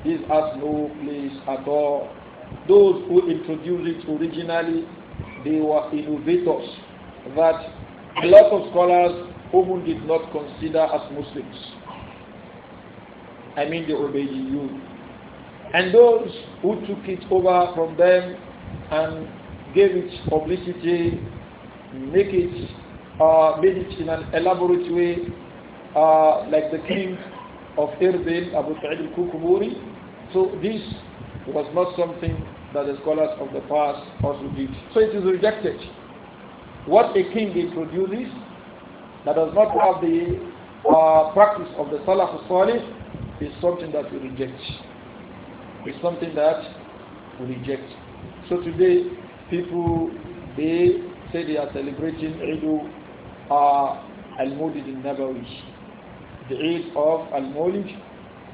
Speaker 1: is at no place at all. Those who introduced it originally, they were innovators that a lot of scholars whom did not consider as Muslims. I mean the Ubaydiyun. And those who took it over from them and gave it publicity, make it, uh, made it in an elaborate way, uh, like the king of Erbil, Abu Sa'id al-Kukumuri. So this was not something that the scholars of the past also did. So it is rejected. What a king introduces that does not have the uh, practice of the Salaf al-Salih is something that we reject. It's something that we reject. So today, people, they say they are celebrating Eidul uh, al-Mawlid al-Nabawi, the Eid of al-Mawlid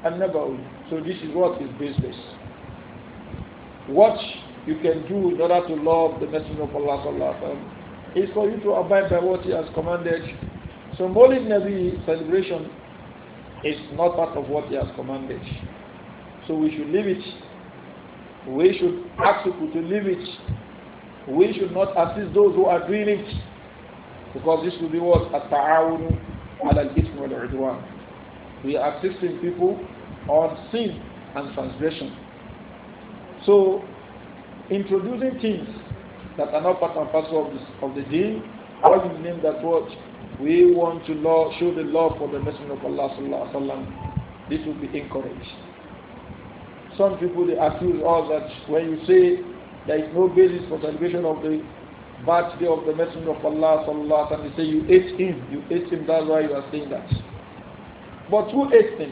Speaker 1: and nabawi So this is what is business. What you can do in order to love the Messenger of Allah sallallahu is for you to abide by what he has commanded. So Mawlid Nabi celebration it's not part of what he has commanded. So we should leave it. We should ask people to leave it. We should not assist those who are doing it. Because this will be what? At-ta'awunu al-al-ithm wal-udwan. We are assisting people on sin and transgression. So, introducing things that are not part and parcel of, this, of the deen, What is the name that what we want to love, show the love for the Messenger of Allah sallallahu alaihi wasallam, this will be encouraged. Some people they accuse us that when you say there is no basis for celebration of the birthday of the Messenger of Allah sallallahu alaihi wasallam, they say you ate him, you ate him. That's why you are saying that. But who ate him?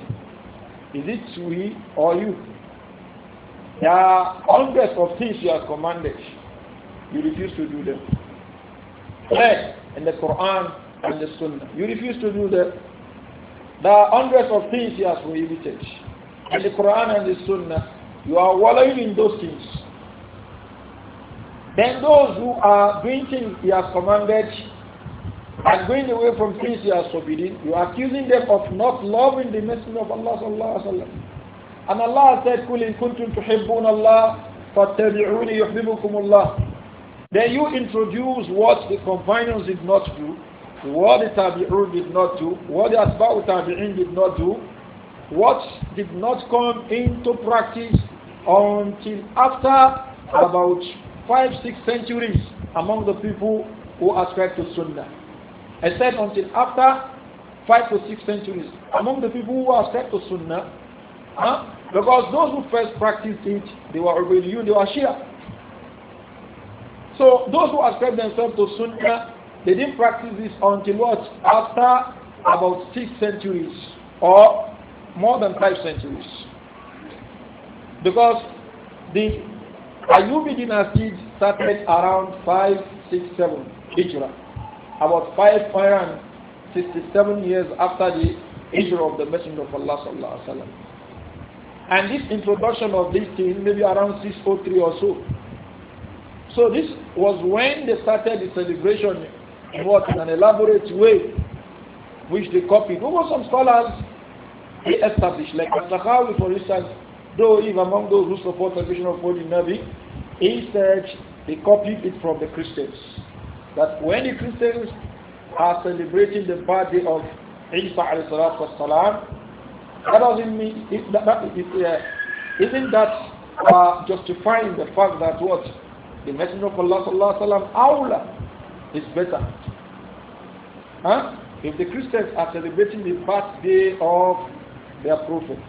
Speaker 1: Is it we or you? There are hundreds of things you are commanded. You refuse to do them. Yes, in the Quran, and the Sunnah. You refuse to do that. There are hundreds of things He has prohibited. And the Quran and the Sunnah, you are wallowing in those things. Then those who are doing things He has commanded and going away from things He has forbidden, you are accusing them of not loving the Messenger of Allah sallallahu alaihi wasallam. And Allah said, "Qul in kuntum Allah, fattabi'uni yuhibbukum Allah." Then you introduce what the companions did not do, what the Tabi'un did not do, what the Asba'u Tabi'in did not do, what did not come into practice until after about five, six centuries among the people who ascribe to Sunnah. I said until after five to six centuries among the people who ascribe to Sunnah, huh? because those who first practiced it, they were already you, they were Shia. So those who ascribe themselves to Sunnah, they didn't practice this until what? After about six centuries or more than five centuries. Because the Ayubi dynasty started around 567 Hijra, about 567 years after the Hijra of the Messenger of Allah And this introduction of this thing maybe around 603 or so. So this was when they started the celebration in what in an elaborate way which they copied. Over some scholars they established, like Al-Sakhawi for instance, though even among those who support the vision of Holy Nabi, he said they copied it from the Christians. That when the Christians are celebrating the birthday of Isa alayhi salatu wasalam, that doesn't mean, it, that, that, it, uh, isn't that uh, justifying the fact that what? The Messenger of Allah sallallahu alayhi wa sallam, is better. Huh? If the Christians are celebrating the birthday of their prophet,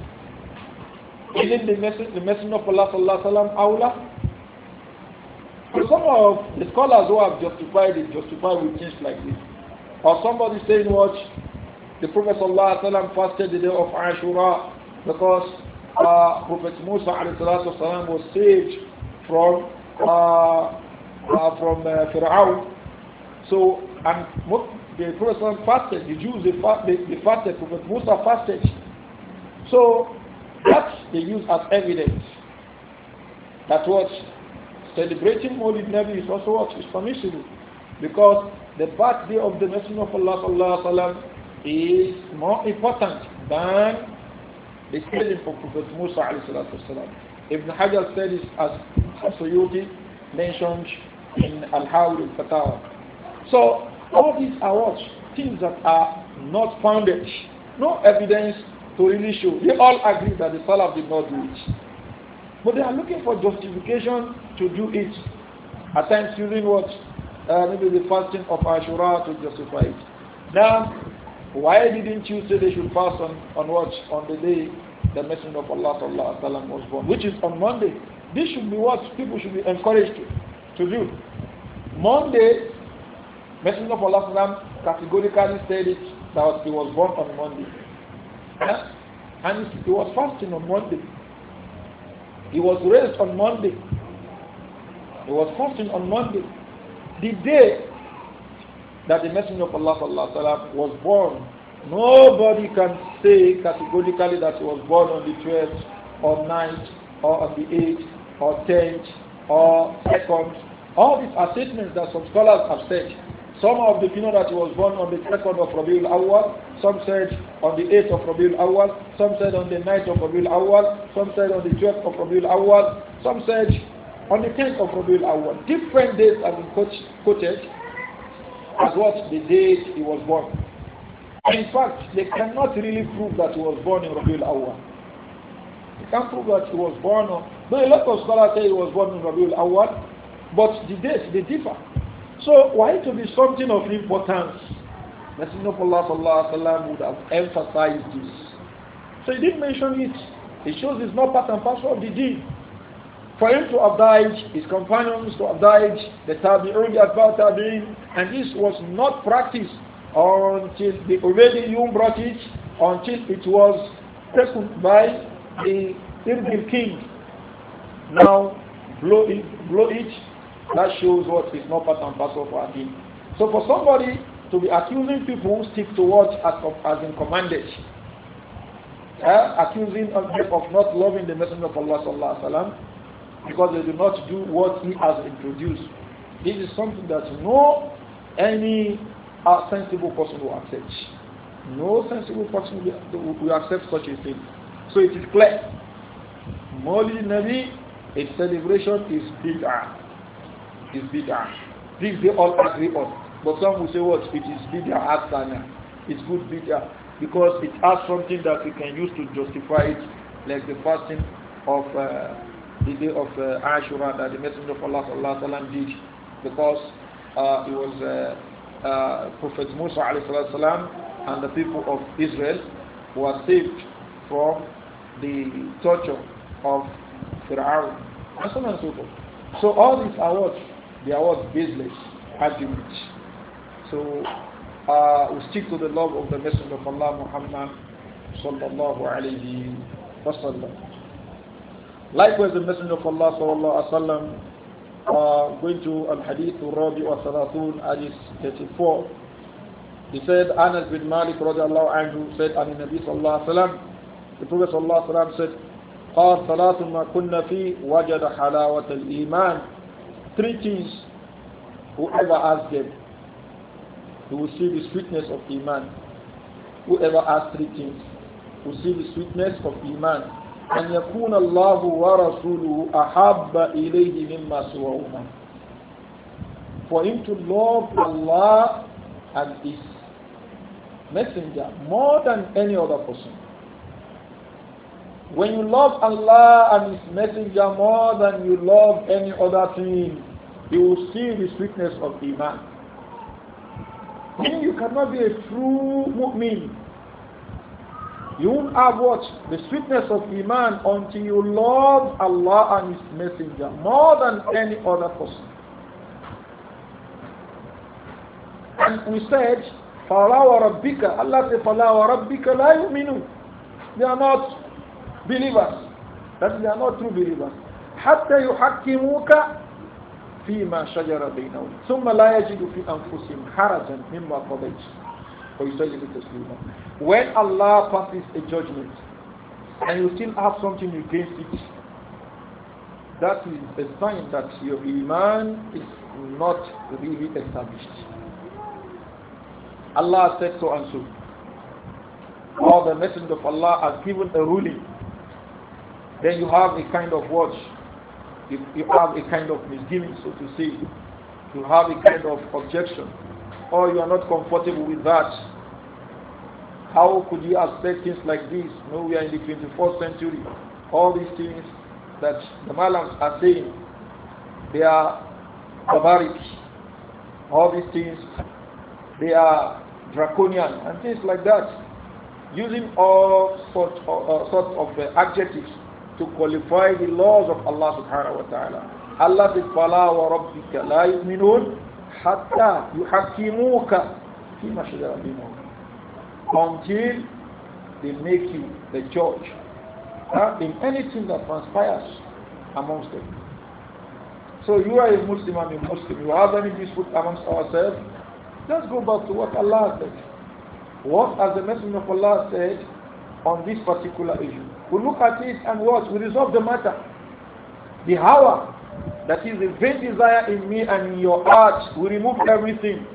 Speaker 1: isn't the message the messenger of Allah sallallahu alaihi wasallam aula? Some of the scholars who have justified it justify with things like this. Or somebody saying what the Prophet sallallahu fasted the day of Ashura because uh, Prophet Musa alayhi was saved from uh, uh, from uh, Fir'aun so, and the Protestant fasted, the Jews, they, fast, they, they fasted, Prophet Musa fasted. So, that they use as evidence. That what celebrating Maulid Nabi is also what is permissible. Because the birthday of the Messenger of Allah sallam, is more important than the killing of Prophet Musa alayhi Ibn Hajar said this as Hasuyuti mentioned in Al-Hawr al-Fatawa. So all these are what? Things that are not founded. No evidence to really show. They all agree that the Salaf did not do it. But they are looking for justification to do it. At times using what? Uh, maybe the fasting of Ashura to justify it. Now, why didn't you say they should fast on, on what? On the day the Messenger of Allah sallallahu was born, which is on Monday. This should be what people should be encouraged to, to do. Monday Messenger of Allah categorically said it that he was born on Monday. And he was fasting on Monday. He was raised on Monday. He was fasting on Monday. The day that the Messenger of Allah was born, nobody can say categorically that he was born on the 12th or 9th or on the 8th or 10th or 2nd. All these are statements that some scholars have said. Some of the people that he was born on the 2nd of Rabiul Awal, some said on the 8th of Rabiul Awal, some said on the 9th of Rabiul Awal, some said on the 12th of Rabiul Awal, some said on the 10th of Rabiul Awal. Different dates have been quoted as what the date he was born. In fact, they cannot really prove that he was born in Rabiul Awal. They can't prove that he was born, on, But a lot of scholars say he was born in Rabiul Awal, but the dates, they differ. So why to be something of importance? Messenger of Allah sallallahu alaihi wasallam would have emphasized this. So he didn't mention it. It shows it's not part and parcel of the deed. For him to have died, his companions to have died, the Tabi'un, the Atba' Tabi'in, and this was not practiced until the Ubaydiyun brought it, until it was taken by the Irbil king. Now, blow it, blow it that shows what is not part and parcel of our deen. So for somebody to be accusing people who stick to what as, as in commanded, uh, accusing them of not loving the Messenger of Allah sallallahu alaihi wasallam because they do not do what he has introduced. This is something that no any uh, sensible person will accept. No sensible person will, will accept such a thing. So it is clear. Mawlid Nabi, its celebration is bigger is bitter. This they all agree on. But some will say what? It is bid'ah asana. It's good bitter Because it has something that we can use to justify it, like the fasting of uh, the day of uh, Ashura that the Messenger of Allah Allah, Allah did. Because uh, it was uh, uh Prophet Musa sallam, and the people of Israel were saved from the torture of the and so So all these are what? they are all baseless arguments. So uh, we stick to the love of the Messenger of Allah Muhammad sallallahu alayhi wasallam. Likewise, the Messenger of Allah sallallahu alaihi wasallam uh, going to Al-Hadith to Rabi wa salatun Hadith 34. He said, Anas bin Malik radiallahu anhu said, Ani Nabi sallallahu alaihi sallam.' the Prophet sallallahu alaihi sallam, said, قال صلاة ما كنا فيه وجد حلاوة الإيمان three things, whoever asks them, he will see the sweetness of Iman. Whoever asks three things, will see the sweetness of Iman. أن يكون الله ورسوله أحب إليه مما سواهما. For him to love Allah and His Messenger more than any other person. When you love Allah and His Messenger more than you love any other thing, you will see the sweetness of Iman. Meaning you cannot be a true mu'min. You won't have what? The sweetness of Iman until you love Allah and His Messenger more than any other person. And we said, Allah said, They are not believers. That they are not true believers. حتى يحكموك فيما شجر بينهم ثم لا يجدوا في أنفسهم حرجا مما قضيت ويسلموا تسليما When Allah passes a judgment and you still have something against it, that is a sign that your iman is not really established. Allah said so and so. all the Messenger of Allah has given a ruling then you have a kind of watch. You, you have a kind of misgiving, so to say. You have a kind of objection. Or you are not comfortable with that. How could you accept things like this? No, we are in the 21st century. All these things that the Malams are saying, they are barbaric. All these things, they are draconian and things like that. Using all sorts of, uh, sort of uh, adjectives to qualify the laws of Allah subhanahu wa ta'ala. Allah says, فَلَا وَرَبِّكَ لَا يُؤْمِنُونَ حَتَّى يُحَكِّمُوكَ فِي مَشْجَرَ Until they make you the judge in anything that transpires amongst them. So you are a Muslim, and a Muslim. You have any dispute amongst ourselves? Let's go back to what Allah said. What has the Messenger of Allah said on this particular issue? We look at it and what? We resolve the matter. The hour, that is the vain desire in me and in your heart, we remove everything.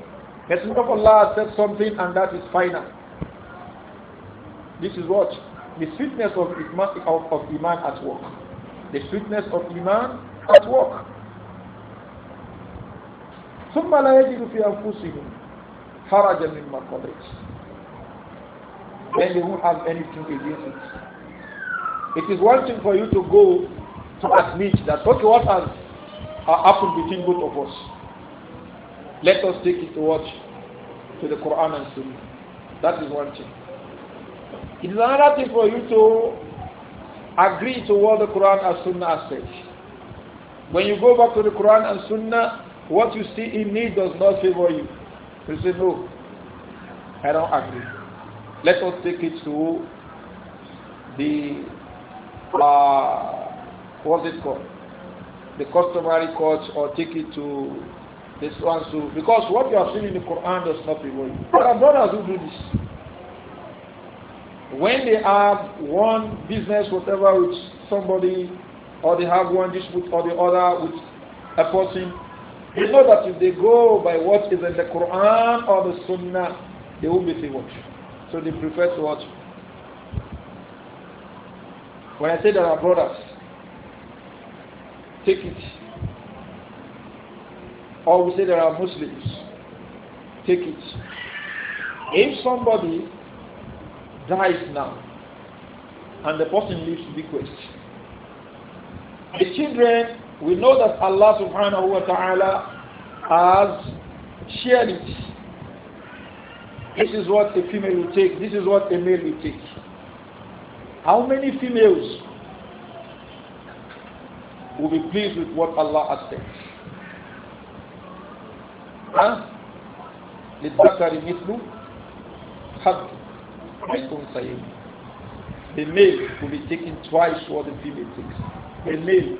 Speaker 1: Messenger of Allah said something and that is final. This is what? The sweetness of, of, of Iman at work. The sweetness of Iman at work. ثم لا يجد في أنفسهم حرجا مما قضيت. Then they won't have anything against it. It is one thing for you to go to admit that, okay, what has happened between both of us? Let us take it to what? To the Quran and Sunnah. That is one thing. It is another thing for you to agree to what the Quran and Sunnah says. When you go back to the Quran and Sunnah, what you see in me does not favor you. You say, no, I don't agree. Let us take it to the uh, what's it called? The customary courts or take it to this one so because what you have seen in the Quran does not be But There brothers who do this. When they have one business, whatever, with somebody, or they have one dispute or the other with a person, they know that if they go by what is in the Quran or the Sunnah, they will be favored. So they prefer to watch when I say there are brothers, take it. Or we say there are Muslims, take it. If somebody dies now and the person leaves bequest, the children, we know that Allah subhanahu wa ta'ala has shared it. This is what a female will take, this is what a male will take. How many females will be pleased with what Allah has said? Huh? للذكر مثل The male will be taking twice what the female takes. The male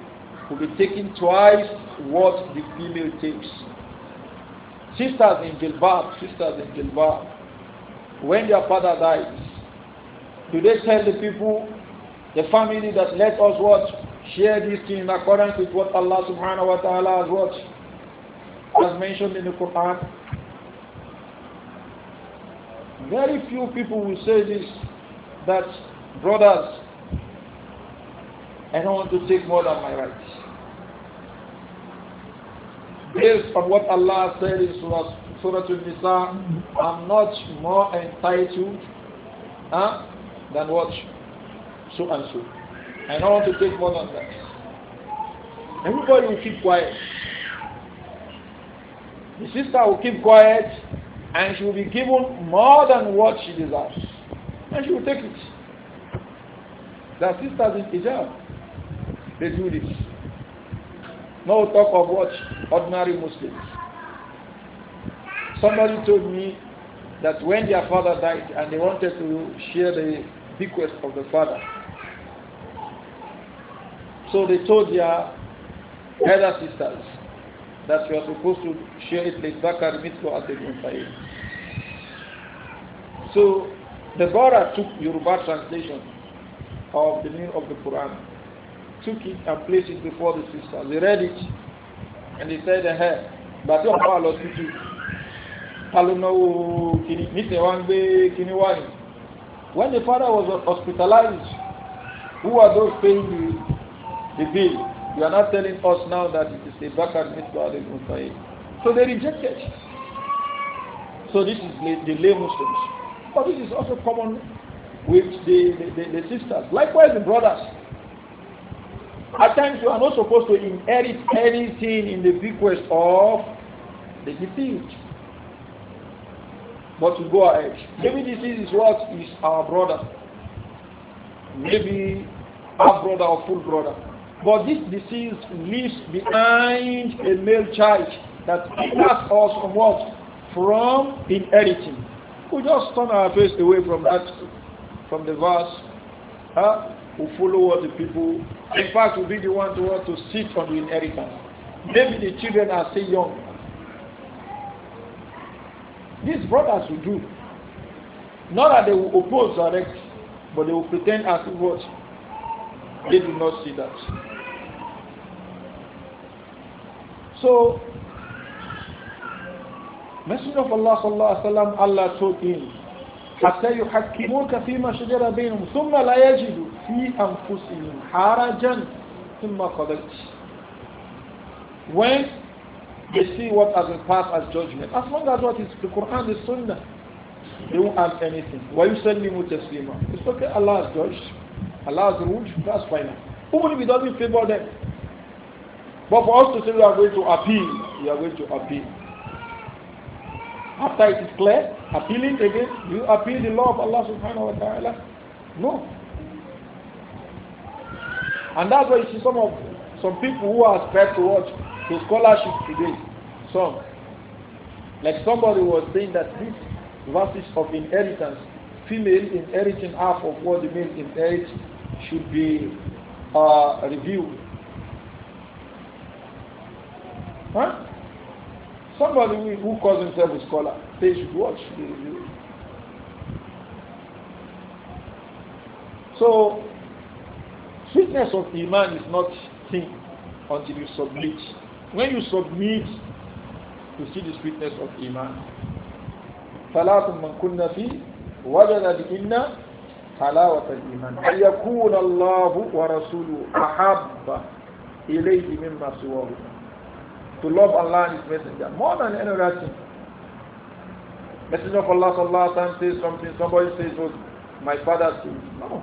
Speaker 1: will be taking twice what the female takes. Sisters in Gilbab, sisters in Gilbab, when their father dies, do they tell the people, the family that let us watch, share this thing in accordance with what Allah subhanahu wa ta'ala has watched, as mentioned in the Quran? Very few people will say this, that brothers, I don't want to take more than my rights. Based on what Allah said in Surah, Surah Al-Nisa, I'm not more entitled huh, than what? So and so. I don't want to take more than that. Everybody will keep quiet. The sister will keep quiet and she will be given more than what she deserves. And she will take it. The sisters in hijab, they do this. No talk of what? Ordinary Muslims. Somebody told me that when their father died and they wanted to share the bequest of the father. So they told their elder sisters that we are supposed to share it with Bakar Mitlo at the So the Bora took Yoruba translation of the name of the Quran, took it and placed it before the sisters. They read it and they said, hey, but you are not allowed to do. Alonso kini, nítorí wọn kini wá when the father was hospitalized, who are those paying the, the bill? You are not telling us now that it is a Bakar of al Mufayim. So they rejected. So this is the lay Muslims. But this is also common with the, the, the, the sisters. Likewise, the brothers. At times, you are not supposed to inherit anything in the bequest of the deceased. But we go ahead. Maybe this is what is our brother. Maybe our brother or full brother. But this disease leaves behind a male child that hinders us from what? From inheriting. We just turn our face away from that, from the verse. Huh? We follow what the people. In fact, we'll be the one to want to sit on the inheritance. Maybe the children are still young these brothers will do. Not that they will oppose direct, but they will pretend as if what they do not see that. So, Messenger of Allah sallallahu alaihi wasallam, Allah told him, حتى يحكموك فيما شجر بينهم ثم لا يجدوا في أنفسهم حرجا ثم قضيت. When they see what has been passed as judgment. As long as what is the Quran, the Sunnah, they won't have anything. Why you send me Mutaslima? It's okay, Allah has judged, Allah has ruled, that's fine. Even if it doesn't favor them. But for us to say we are going to appeal, we are going to appeal. After it is clear, appealing again, you appeal the law of Allah subhanahu wa ta'ala. No. And that's why you see some of some people who are spread to watch to scholarship today. Some, like somebody was saying that this verses of inheritance, female inheriting half of what the male inherits, should be uh, reviewed. Huh? Somebody who, calls himself a scholar, they should watch. They so, sweetness of iman is not seen until you submit when you submit, to see the sweetness of Iman. ثلاث من كنا فيه وجد بإن حلاوة الإيمان أن Allah الله ورسوله أحب إليه مما To love Allah and His Messenger more than any other thing. Messenger of Allah sallallahu alaihi wasallam says something, somebody says was oh, my father says. No.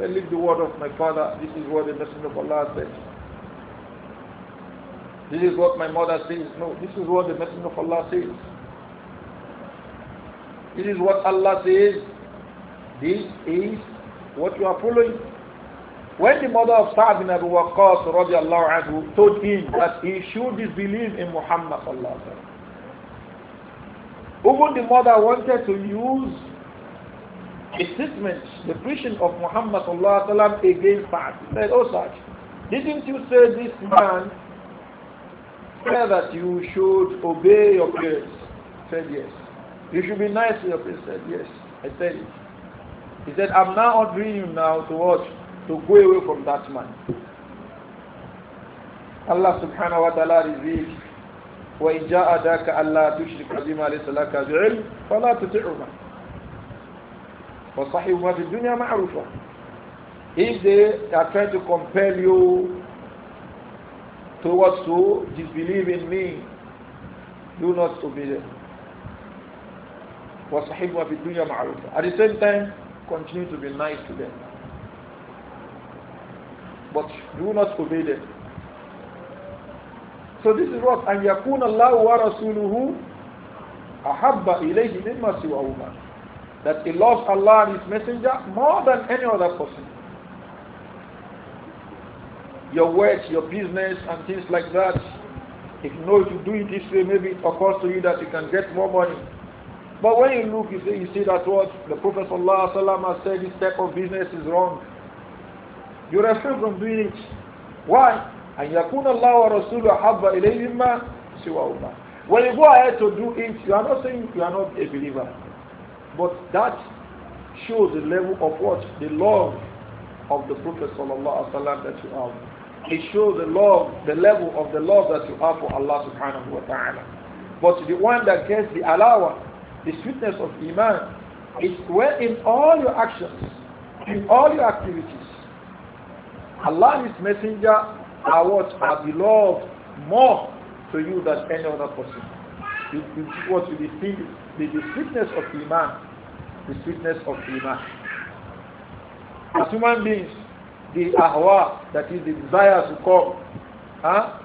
Speaker 1: they leave the word of my father. This is what the Messenger of Allah said. This is what my mother says. No, this is what the Messenger of Allah says. This is what Allah says. This is what you are following. When the mother of Sa'd bin Abu Waqqas anhu, told him that he should disbelieve in Muhammad sallallahu even the mother wanted to use the statement, the preaching of Muhammad sallallahu against Sa'd. She said, oh Sa'd, didn't you say this man Say that you should obey your parents. Said yes. You should be nice to your parents. Said yes. I said it. He said, I'm now ordering you now to what? To go away from that man. Allah subhanahu wa ta'ala revealed, وَإِنْ جَاءَدَاكَ أَلَّا تُشْرِكَ بِمَا لَيْسَ لَكَ بِعِلْمٍ فَلَا تُطِعْهُمَا وَصَحِبُهُمَا فِي الدُّنْيَا مَعْرُوفًا If they are trying to compel you towards who disbelieve in me do not obey them at the same time continue to be nice to them but do not obey them so this is what أن يكون الله ورسوله أحب إليه مما سواهما that he loves Allah and his messenger more than any other person your work, your business, and things like that. If you know if you do it this way, maybe it occurs to you that you can get more money. But when you look, you see, you see that what the Prophet ﷺ has said this type of business is wrong. You refrain from doing it. Why? And يَكُونَ اللَّهُ وَرَسُولُهُ أَحَبَّ When you go ahead to do it, you are not saying you are not a believer. But that shows the level of what? The love of the Prophet ﷺ that you have it shows the love, the level of the love that you have for Allah subhanahu wa ta'ala. But the one that gets the alawa, the sweetness of Iman, is where in all your actions, in all your activities, Allah and His Messenger are what are beloved more to you than any other person. You, what you see the, the sweetness of Iman, the sweetness of Iman. As human beings, the ahwa, that is the desire to come, huh?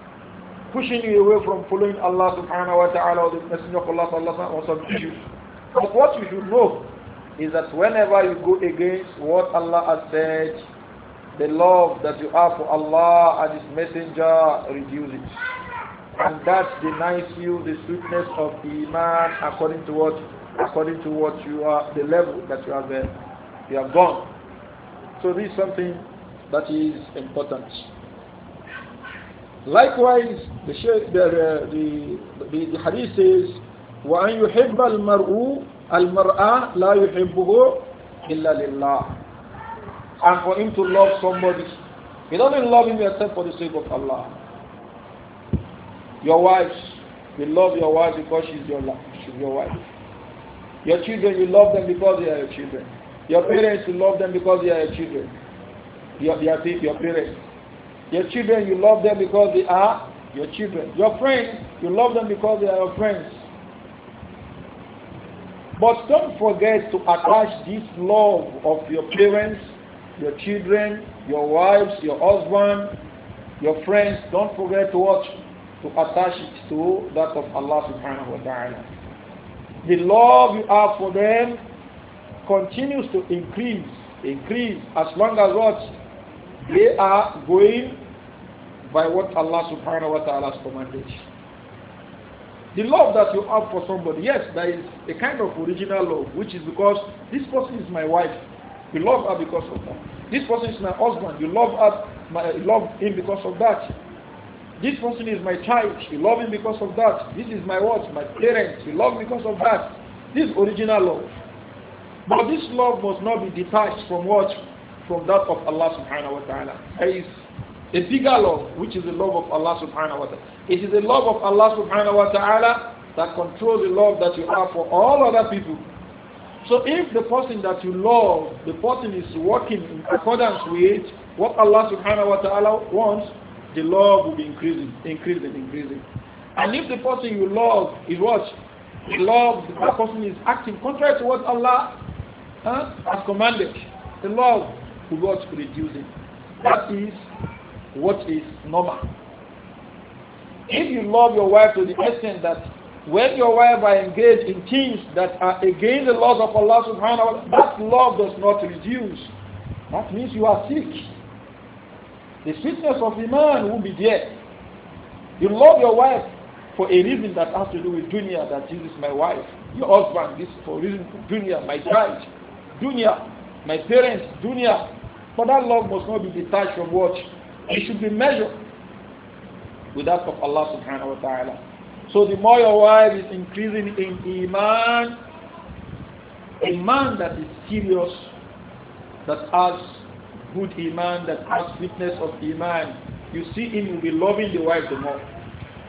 Speaker 1: pushing you away from following Allah subhanahu wa ta'ala or the Messenger of Allah sallallahu alaihi wasallam But what you should know is that whenever you go against what Allah has said, the love that you have for Allah and His Messenger reduces. And that denies you the sweetness of Iman according to what according to what you are the level that you have uh, you have gone. So this is something that is important. Likewise, the, the, the, the hadith says, وأن يحب المرء المرأة لا يحبه إلا لله and for him to love somebody he doesn't love him except for the sake of Allah your wife you love your wife because she's your, she's your wife your children you love them because they are your children your parents you love them because they are your children your, your, your parents. Your children, you love them because they are your children. Your friends, you love them because they are your friends. But don't forget to attach this love of your parents, your children, your wives, your husband, your friends. Don't forget to watch, to attach it to that of Allah subhanahu wa ta'ala. The love you have for them continues to increase, increase as long as what they are going by what Allah subhanahu wa ta'ala has commanded. The love that you have for somebody, yes, that is a kind of original love, which is because this person is my wife. You love her because of that. This person is my husband. You love her, my, love him because of that. This person is my child. You love him because of that. This is my wife, My parents. You love because of that. This original love. But this love must not be detached from what? from that of Allah subhanahu wa ta'ala. There is a bigger love, which is the love of Allah subhanahu wa ta'ala. It is the love of Allah subhanahu wa ta'ala that controls the love that you have for all other people. So if the person that you love, the person is working in accordance with what Allah subhanahu wa ta'ala wants, the love will be increasing, increasing, increasing. And if the person you love is what? The love the person is acting contrary to what Allah huh, has commanded. The love what reducing? That is what is normal. If you love your wife to the extent that when your wife are engaged in things that are against the laws of Allah subhanahu wa ta'ala, that love does not reduce. That means you are sick. The sickness of the man will be there. You love your wife for a reason that has to do with dunya, that this is my wife, your husband, this for reason dunya, my child, dunya my parents, dunya. But that love must not be detached from what? It should be measured with that of Allah subhanahu wa ta'ala. So the more your wife is increasing in iman, a man that is serious, that has good iman, that has fitness of iman, you see him will be loving the wife the more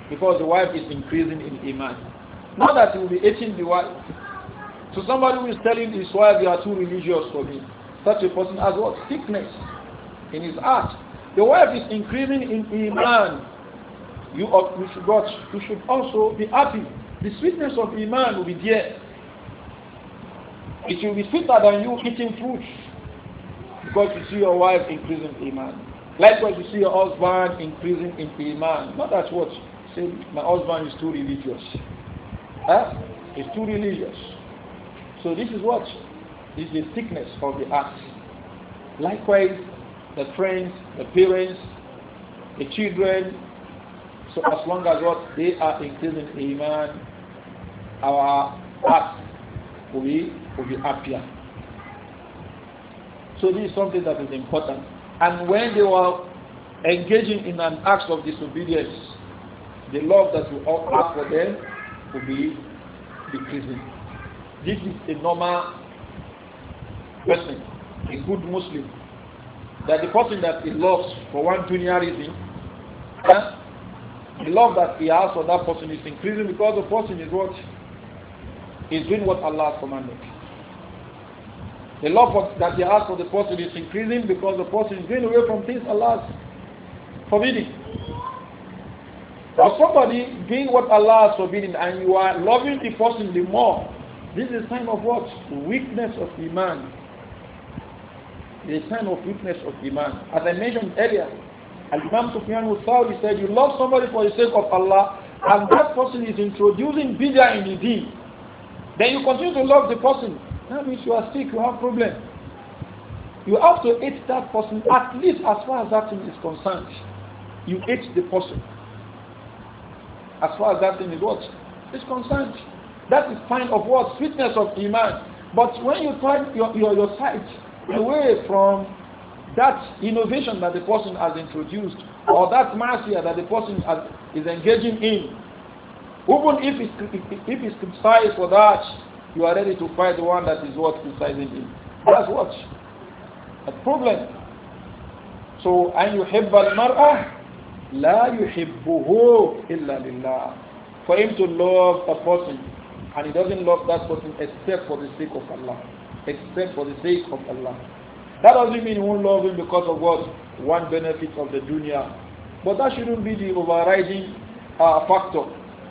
Speaker 1: because the wife is increasing in iman. Not that he will be hating the wife, so somebody who is telling his wife they are too religious for me. Such a person has what? Sickness in his heart. The wife is increasing in Iman. You, you, should, watch. you should also be happy. The sweetness of Iman will be there. It will be sweeter than you eating fruit because you see your wife increasing Iman. Likewise, you see your husband increasing in Iman. Not that what? Say, my husband is too religious. Huh? He's too religious. So this is what is the thickness of the earth. Likewise, the friends, the parents, the children. So as long as what they are a iman, our heart will be will be happier. So this is something that is important. And when they were engaging in an act of disobedience, the love that we all have for them will be decreasing. This is a normal person, a good Muslim. That the person that he loves for one junior reason, the love that he has for that person is increasing because the person is what? Is doing what Allah has commanded. The love that he has for the person is increasing because the person is going away from things Allah has forbidden. For somebody doing what Allah has forbidden and you are loving the person the more, this is a sign of what? Weakness of Iman. The a sign of weakness of Iman. As I mentioned earlier, Al-Imam Sufyan al-Thawri said, you love somebody for the sake of Allah, and that person is introducing bid'ah in the deen. Then you continue to love the person. That means you are sick, you have problem. You have to hate that person, at least as far as that thing is concerned. You hate the person. As far as that thing is what? It's concerned. That is kind of what? Sweetness of Iman. But when you turn your, your, your sight away from that innovation that the person has introduced or that marcia that the person has, is engaging in, even if it's, if it's criticized for that, you are ready to fight the one that is what criticizing him. That's what? A problem. So, أن يحب المرأة لا يحبه إلا لله. For him to love a person, and he doesn't love that person except for the sake of Allah. Except for the sake of Allah. That doesn't mean he won't love him because of what? One benefit of the dunya. But that shouldn't be the overriding uh, factor.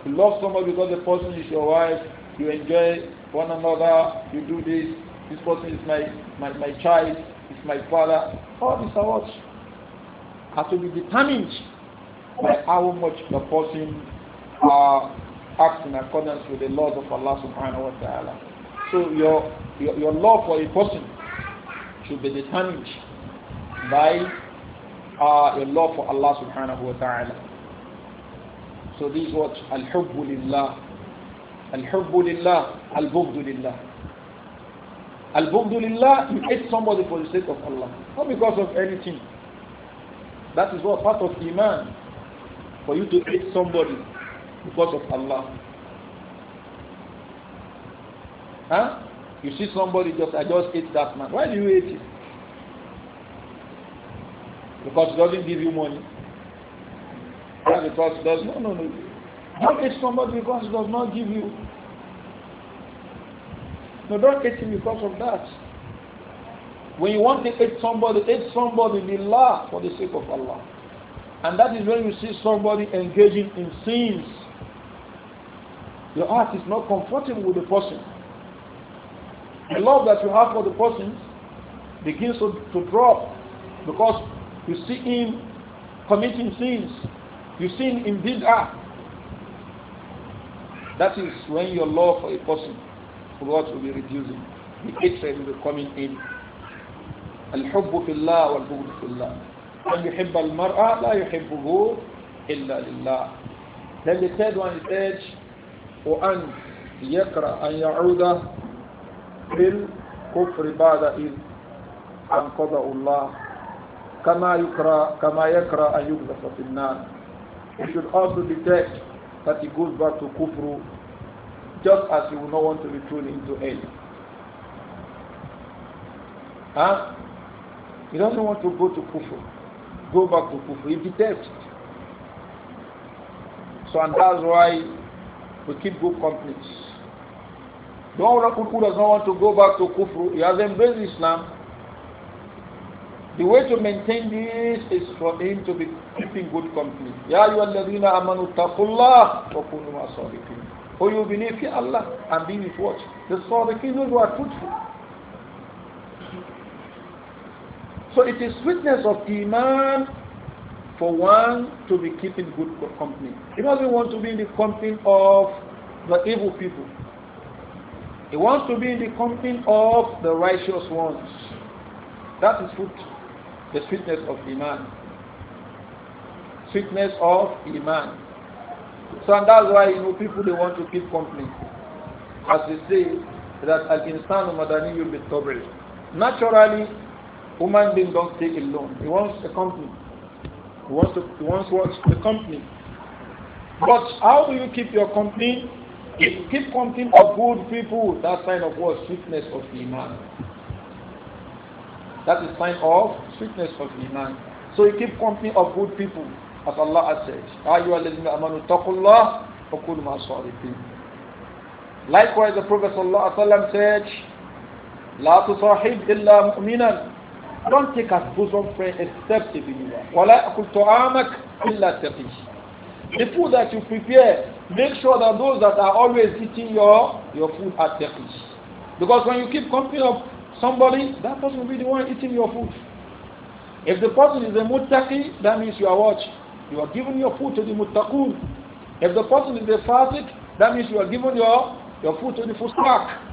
Speaker 1: You love somebody because the person is your wife, you enjoy one another, you do this, this person is my, my, my child, It's my father. All these awards Have to be determined by how much the person uh, act in accordance with the laws of Allah subhanahu wa ta'ala. So your, your, your law for a person should be determined by uh, your law for Allah subhanahu wa ta'ala. So this is what Al-Hubbu Lillah. Al-Hubbu Lillah, Al-Bughdu Lillah. Al-Bughdu Lillah, you hate somebody for the sake of Allah. Not because of anything. That is what part of Iman. For you to hate somebody because of Allah. Huh? You see somebody just, I just hate that man. Why do you hate him? Because he doesn't give you money. Why? Because he does, no, no, no. Don't hate somebody because he does not give you. No, don't hate him because of that. When you want to hate somebody, hate somebody Allah for the sake of Allah. And that is when you see somebody engaging in sins your heart is not comfortable with the person. The love that you have for the person begins to, to drop because you see him committing sins. You see him in bid'ah. That is when your love for a person for God will be reducing. The hatred will be coming in. الحب في الله والبغض في الله أن يحب المرأة لا يحبه إلا لله Then the third one is urge وأن يقرأ أن يعود بعد إذ الله كما يقرأ كما يقرأ أن يقذف في النار. should also detect that he goes back to kufru just as he will not want to be thrown into hell. Huh? He doesn't want to go to kufru. Go back to kufru. He detects So and that's why we keep good companies. The one who does not want to go back to Kufr. he has embraced Islam. The way to maintain this is for him to be keeping good company. Ya ayyuhalladhina amanu taqullah wa kunu masadiqin. O you believe in Allah and be with what? The sadiqin who are truthful. So it is witness of Iman for one to be keeping good company. He doesn't want to be in the company of the evil people. He wants to be in the company of the righteous ones. That is what the sweetness of Iman. Sweetness of Iman. So and that's why you know people they want to keep company. As they say that al insanu madaniyyu bit Naturally, human being don't take alone. He wants a company. He wants, to, he wants watch The company. But how do you keep your company? If keep company of good people, that sign of what? Sweetness of the Iman. That is sign of sweetness of Iman. So you keep company of good people, as Allah has said. amanu taqullah Likewise, the Prophet ﷺ said, لا تصاحب إلا مؤمنا don't take as bosom friend except a believer. The food that you prepare, make sure that those that are always eating your, your food are taqi. Because when you keep company of somebody, that person will be the one eating your food. If the person is a muttaki, that means you are watch. You are giving your food to the muttaqun. If the person is a fasik, that means you are giving your, your food to the fusaq.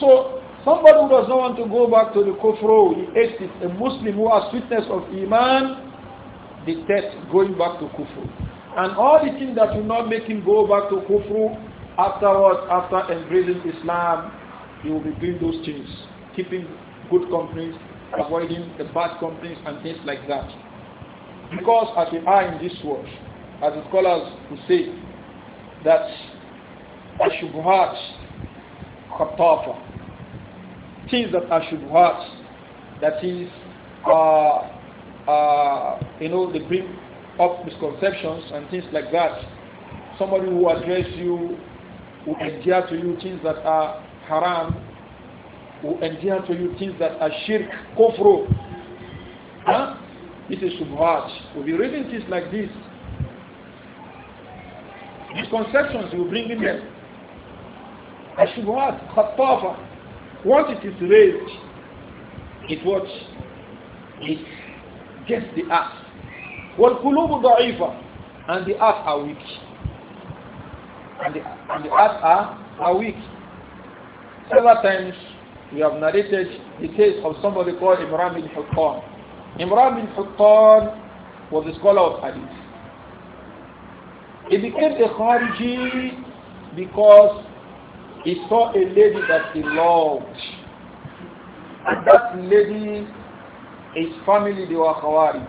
Speaker 1: So Somebody who does not want to go back to the kufro, he hates it. A Muslim who has sweetness of iman detests going back to kufru. And all the things that will not make him go back to kufru afterwards, after embracing Islam, he will be doing those things, keeping good companies, avoiding the bad companies and things like that. Because as we are in this world, as the scholars who say that Ashubhat Khatafa, things that I should watch, that is, uh, uh, you know, they bring up misconceptions and things like that. Somebody who addresses you, who endear to you things that are haram, who endear to you things that are shirk, kufru. Huh? This is shubhat. We'll be reading things like this. Misconceptions, you bring in them. but khatafa. Once it is raised, it what? It gets the earth. kulubu ضَعِيفًا And the earth are weak. And the, and the earth are, are weak. Several times we have narrated the case of somebody called Imran bin Huttan. Imran bin Huttan was a scholar of hadith. He became a Khariji because he saw a lady that he loved. And that lady, his family, they were Khawarij.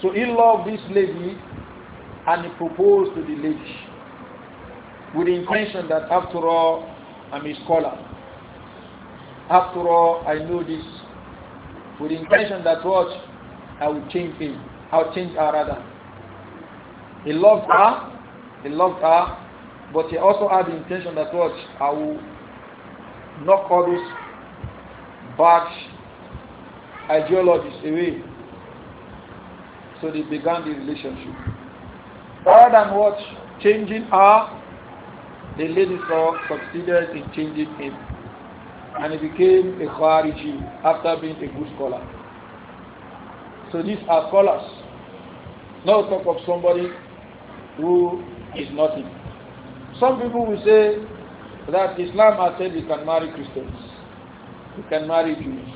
Speaker 1: So he loved this lady and he proposed to the lady with the intention that after all, I'm a scholar. After all, I know this. With the intention that what? I will change him. I'll change her rather. He loved her. He loved her but he also had the intention that what I will knock all those bad ideologies away. So they began the relationship. Rather than what changing her, the lady saw succeeded in changing him. And he became a Khariji after being a good scholar. So these are scholars. Now talk of somebody who is nothing. Some people will say that Islam has said you can marry Christians, you can marry Jews.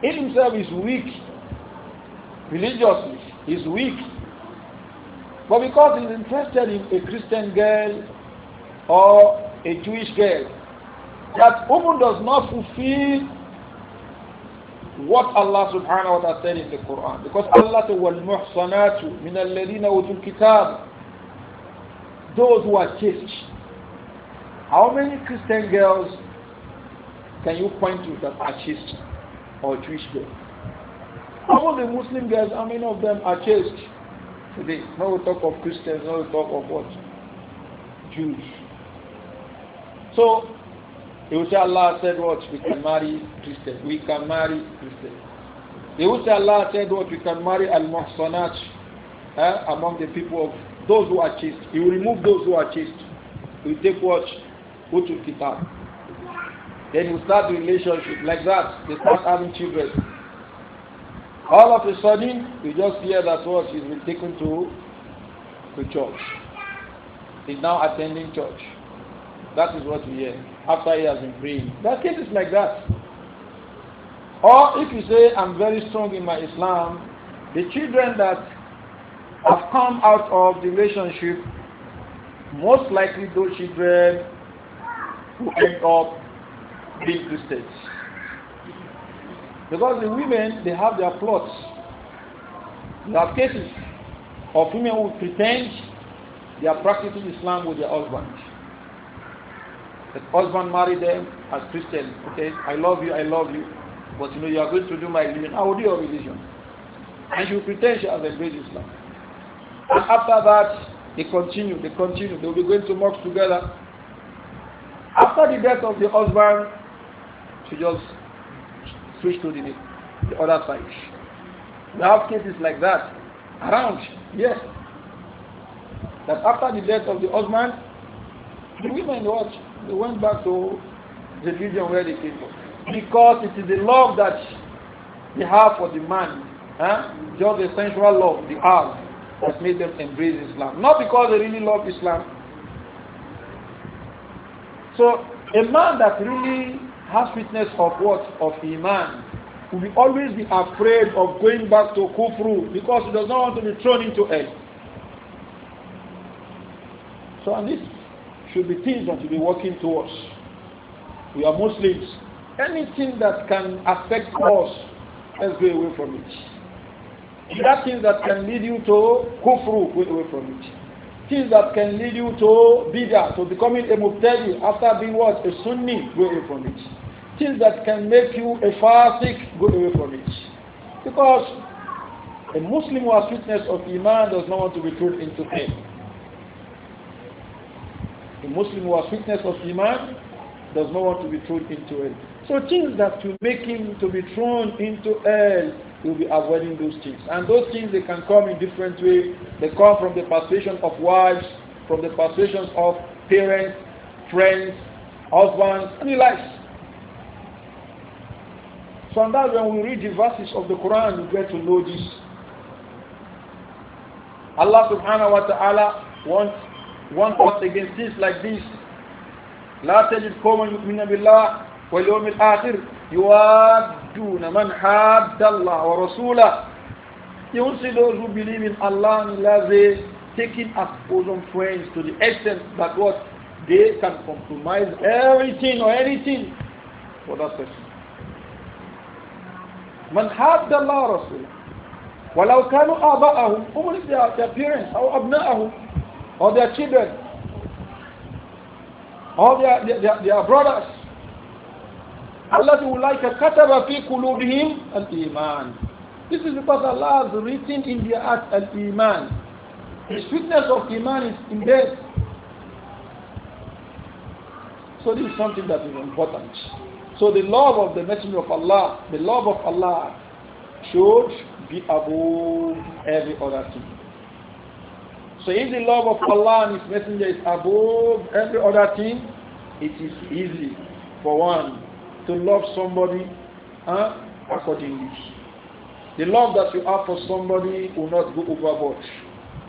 Speaker 1: He himself is weak religiously, he's weak. But because he's interested in a Christian girl or a Jewish girl, that woman does not fulfill what Allah subhanahu wa ta'ala said in the Quran. Because Allah said, وَالْمُحْصَنَاتُ مِنَ الَّذِينَ أُوتُوا الْكِتَابَ those who are chaste. How many Christian girls can you point to that are chaste or Jewish girls? How about the Muslim girls? How many of them are chaste today? Now we talk of Christians, now we talk of what? Jews. So, they will say Allah said what? We can marry Christians. We can marry Christians. They will say Allah said what? We can marry Al-Muhsanat eh, among the people of those who are chaste. He will remove those who are chaste. He will take what? Utul Kitab. Then you start the relationship like that. They start having children. All of a sudden, you just hear that what he's been taken to the church. He's now attending church. That is what we hear after he has been praying. That case is like that. Or if you say, I'm very strong in my Islam, the children that have come out of the relationship, most likely those children who end up being Christians. Because the women, they have their plots. There have cases of women who pretend they are practicing Islam with their husband. The husband married them as Christian. Okay, I love you, I love you, but you know you are going to do my religion. I will do your religion. And she pretends pretend she has embraced Islam. And after that, they continue, they continue. They will be going to mosque together. After the death of the husband, she just switched to the, the other side. We have cases like that around, yes. That after the death of the husband, the women watch. They went back to the region where they came from. Because it is the love that they have for the man, huh? just the sensual love they have that made them embrace Islam. Not because they really love Islam. So a man that really has witness of what? Of Iman will always be afraid of going back to Kufru because he does not want to be thrown into hell. So and this should be things that should be working towards. We are Muslims. Anything that can affect us, let's go away from it that things that can lead you to kufru, go away from it. Things that can lead you to bidah, to becoming a mubtadi after being what? A sunni, go away from it. Things that can make you a fasik, go away from it. Because a Muslim who has witness of Iman does not want to be thrown into pain. A Muslim who has witness of Iman does not want to be thrown into it. So things that will make him to be thrown into hell you'll be avoiding those things. And those things, they can come in different ways. They come from the persuasion of wives, from the persuasions of parents, friends, husbands, and the So and that when we read the verses of the Quran, we get to know this. Allah subhanahu wa ta'ala wants one us against this like this. لا تجد قوما يؤمنون بالله واليوم الآخر يواد يَصُدُّونَ مَنْ حَادَّ اللَّهَ وَرَسُولَهُ You will see those who believe in Allah and Allah, they taking as bosom friends to the extent that what they can compromise everything or anything for that person. من حاد الله رسوله ولو كانوا آباءهم even if their parents أو أبناءهم or their children or their, their, their, their brothers Allah ulaika kataba fi qulubihim al-iman. This is because Allah has written in their heart al-iman. The sweetness of iman is in there. So this is something that is important. So the love of the Messenger of Allah, the love of Allah should be above every other thing. So if the love of Allah and His Messenger is above every other thing, it is easy for one to love somebody huh, accordingly. The love that you have for somebody will not go overboard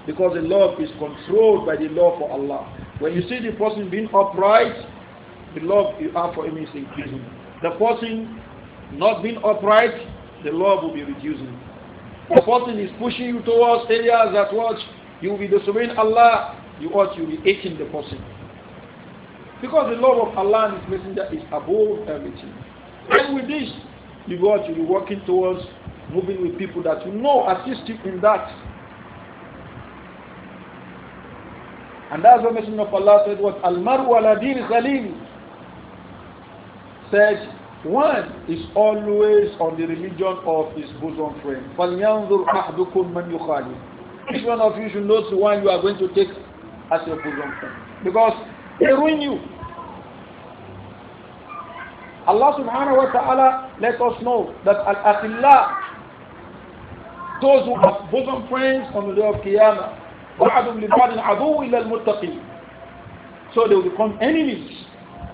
Speaker 1: because the love is controlled by the love for Allah. When you see the person being upright, the love you have for him is increasing. The person not being upright, the love will be reducing. The person is pushing you towards areas that watch, you will be disobeying Allah, you ought you be hating the person. Because the love of Allah and His Messenger is above everything. And with this, you go out, you'll be working towards moving with people that you know assist you in that. And that's what Messenger of Allah said was Al Maru ala Salim said one is always on the religion of his bosom friend. Each one of you should know the one you are going to take as your bosom friend. Because they ruin you. Allah subhanahu wa ta'ala let us know that al-akhillah, those who are bosom friends on the day of Qiyamah, So they will become enemies.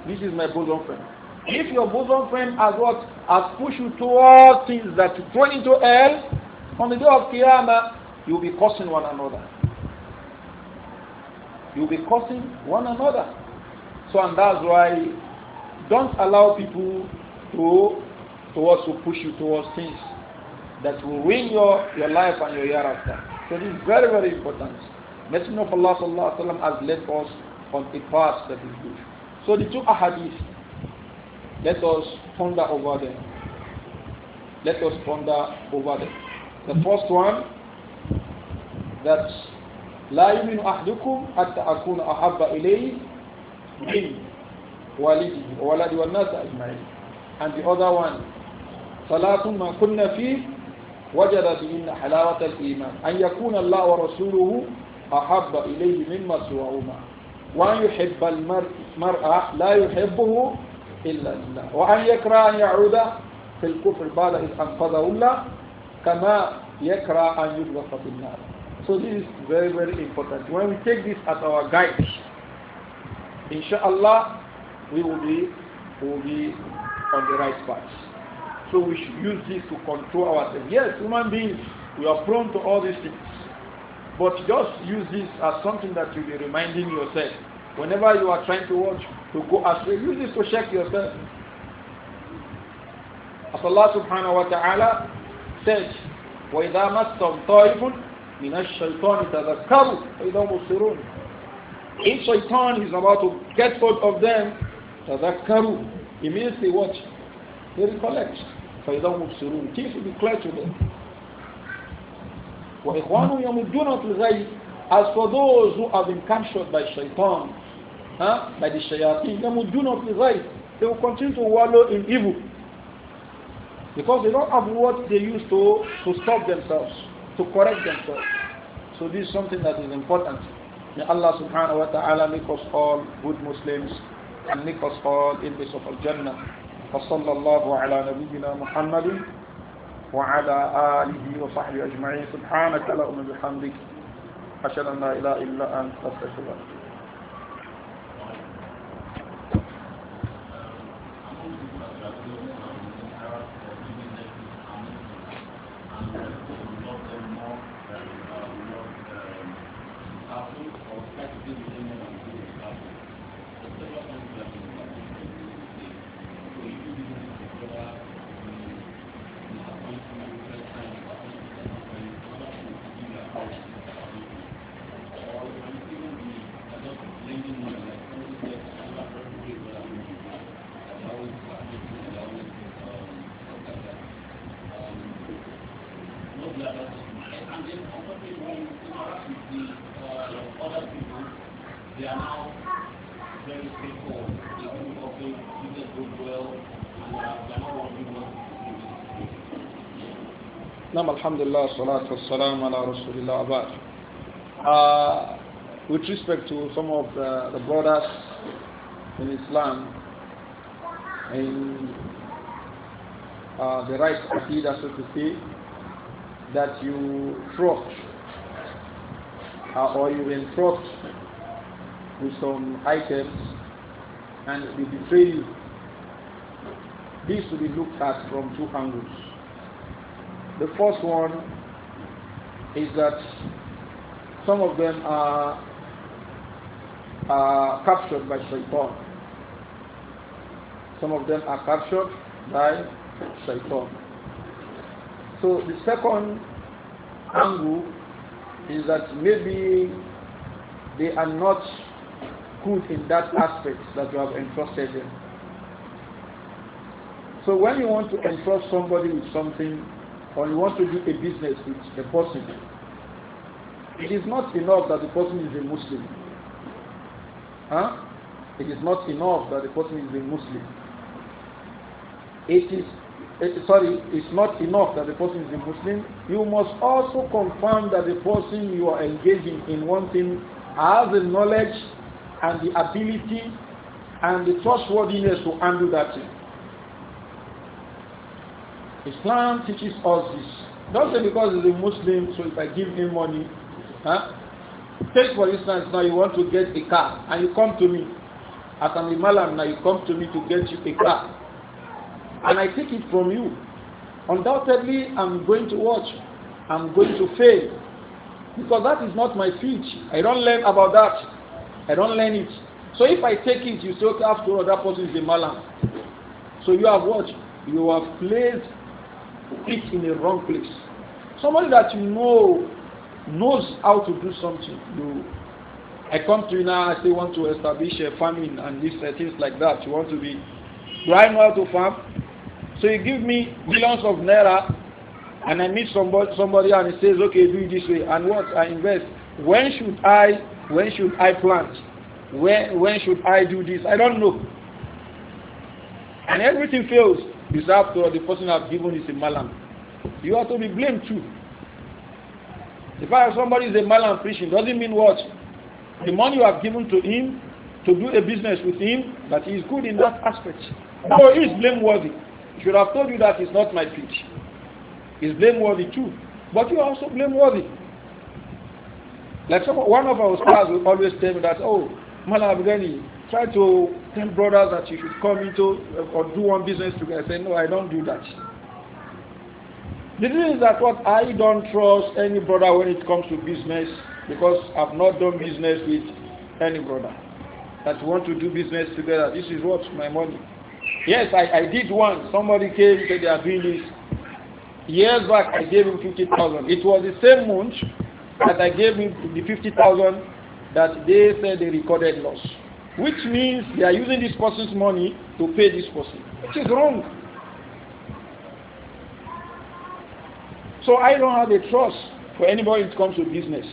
Speaker 1: This is my bosom friend. If your bosom friend has what? Has pushed you towards things that you thrown into hell, on the day of Qiyamah, you will be cursing one another. You will be cursing one another so and that's why don't allow people to towards to push you towards things that will ruin your, your life and your year after. So this is very, very important. Messenger of Allah sallallahu alayhi wa has led us on a path that is good. So the two ahadith, let us ponder over them. Let us ponder over them. The first one, that لا يؤمن أحدكم حتى أكون أحب إليه and the other one, salatun ma kunna fi wajada bi inna halawat al iman. An yakun Allah wa rasuluhu ahabba ilayhi min masuwa'uma. Wa an yuhibba mar'a la yuhibbuhu illa Allah. Wa an yakra an ya'uda fil kufr ba'da iz anfadahu Allah kama yakra an yudwasa bin So this is very, very important. When we take this as our guide, Inshallah, we will be, we will be on the right path. So we should use this to control ourselves. Yes, human beings, we are prone to all these things. But just use this as something that you'll be reminding yourself. Whenever you are trying to watch, to go astray, use this to check yourself. As Allah subhanahu wa ta'ala said, وَإِذَا مَسَّهُمْ طَائِفٌ مِنَ الشَّيْطَانِ تَذَكَّرُوا وَإِذَا مُبْصِرُونَ if shaitan is about to get hold of them, تذكروا, immediately watch. They recollect. فإذا هم مبصرون. Things will be clear to them. وإخوانهم hmm. يمدون not الغي. As for those who have been captured by shaitan, huh, by the shayateen, يمدون not الغي. They will continue to wallow in evil. Because they don't have what they used to, to stop themselves, to correct themselves. So this is something that is important. May Allah subhanahu wa ta'ala make us all good Muslims and make us all enemies of Al-Jannah. وصلى الله على نبينا محمد وعلى آله وصحبه أجمعين سبحانك اللهم وبحمدك أشهد أن لا إله إلا أنت أستغفرك Alhamdulillah, salatu wassalam ala rasulillah abad. Uh, with respect to some of the, the brothers in Islam and uh, the right aqidah, so to say, that you trust uh, or you entrust with some items and they betray you. This will be looked at from two angles. The first one is that some of them are, are captured by shaitan. Some of them are captured by shaitan. So the second angle is that maybe they are not good in that aspect that you have entrusted them. So when you want to entrust somebody with something, or you want to do a business with a person, it is not enough that the person is a Muslim. Huh? It is not enough that the person is a Muslim. It is it, eh, sorry, it's not enough that the person is a Muslim. You must also confirm that the person you are engaging in wanting has the knowledge and the ability and the trustworthiness to handle that thing. Islam teaches us this. Don't say because he's a Muslim, so if I give him money, huh? Take for instance now you want to get a car and you come to me. As an Imam now you come to me to get you a car. And I take it from you. Undoubtedly I'm going to watch. I'm going to fail. Because that is not my field. I don't learn about that. I don't learn it. So if I take it, you say, okay, after all, that person is a malam. So you have what? You have placed it in the wrong place. Somebody that you know knows how to do something. You, I come to you now, I say want to establish a farming and these uh, things like that. You want to be, right now to farm? So you give me millions of naira and I meet somebody, somebody and he says, okay, do it this way. And what? I invest. When should I, when should I plant? When, when should I do this? I don't know. And everything fails. Deserve after the person I've given is a malam. You have to be blamed too. The fact have somebody is a malam preaching doesn't mean what? The money you have given to him to do a business with him, that he is good in that aspect. Oh, he is blameworthy. He should have told you that it's not my pitch. He's blameworthy too. But you are also blameworthy. Like some, one of our stars will always tell me that, oh, Malam Abgani, try to tell brothers that you should come into uh, or do one business together. I say, no, I don't do that. The thing is that what I don't trust any brother when it comes to business because I've not done business with any brother that want to do business together. This is what my money. Yes, I, I did once. Somebody came said they are doing this. Years back, I gave him fifty thousand. It was the same month that I gave him the fifty thousand that they said they recorded loss which means they are using this person's money to pay this person, which is wrong. So I don't have a trust for anybody when it comes to business.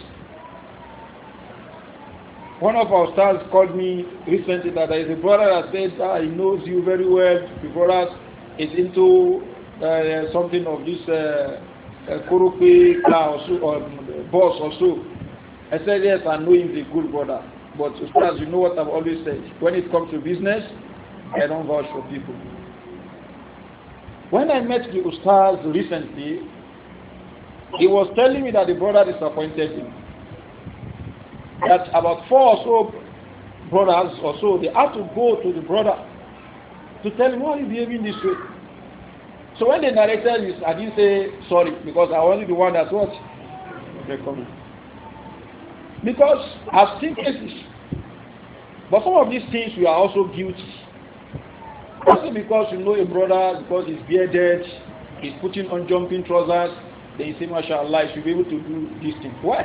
Speaker 1: One of our stars called me recently that there is a brother that said ah, he knows you very well. The brother is into uh, something of this uh, uh, or, so, or um, boss or so. I said, yes, I know him, he's a good brother. But as you know what I've always said, when it comes to business, I don't vouch for people. When I met the Ustaz recently, he was telling me that the brother disappointed him. That about four or so brothers or so, they had to go to the brother to tell him why he's behaving this way. So when they narrated this, I didn't say sorry because I wasn't the one that was recommended. Because as things, seen But some of these things we are also guilty. Also because you know a brother, because he's bearded, he's putting on jumping trousers, then you say, mashallah, you should be able to do these things. Why?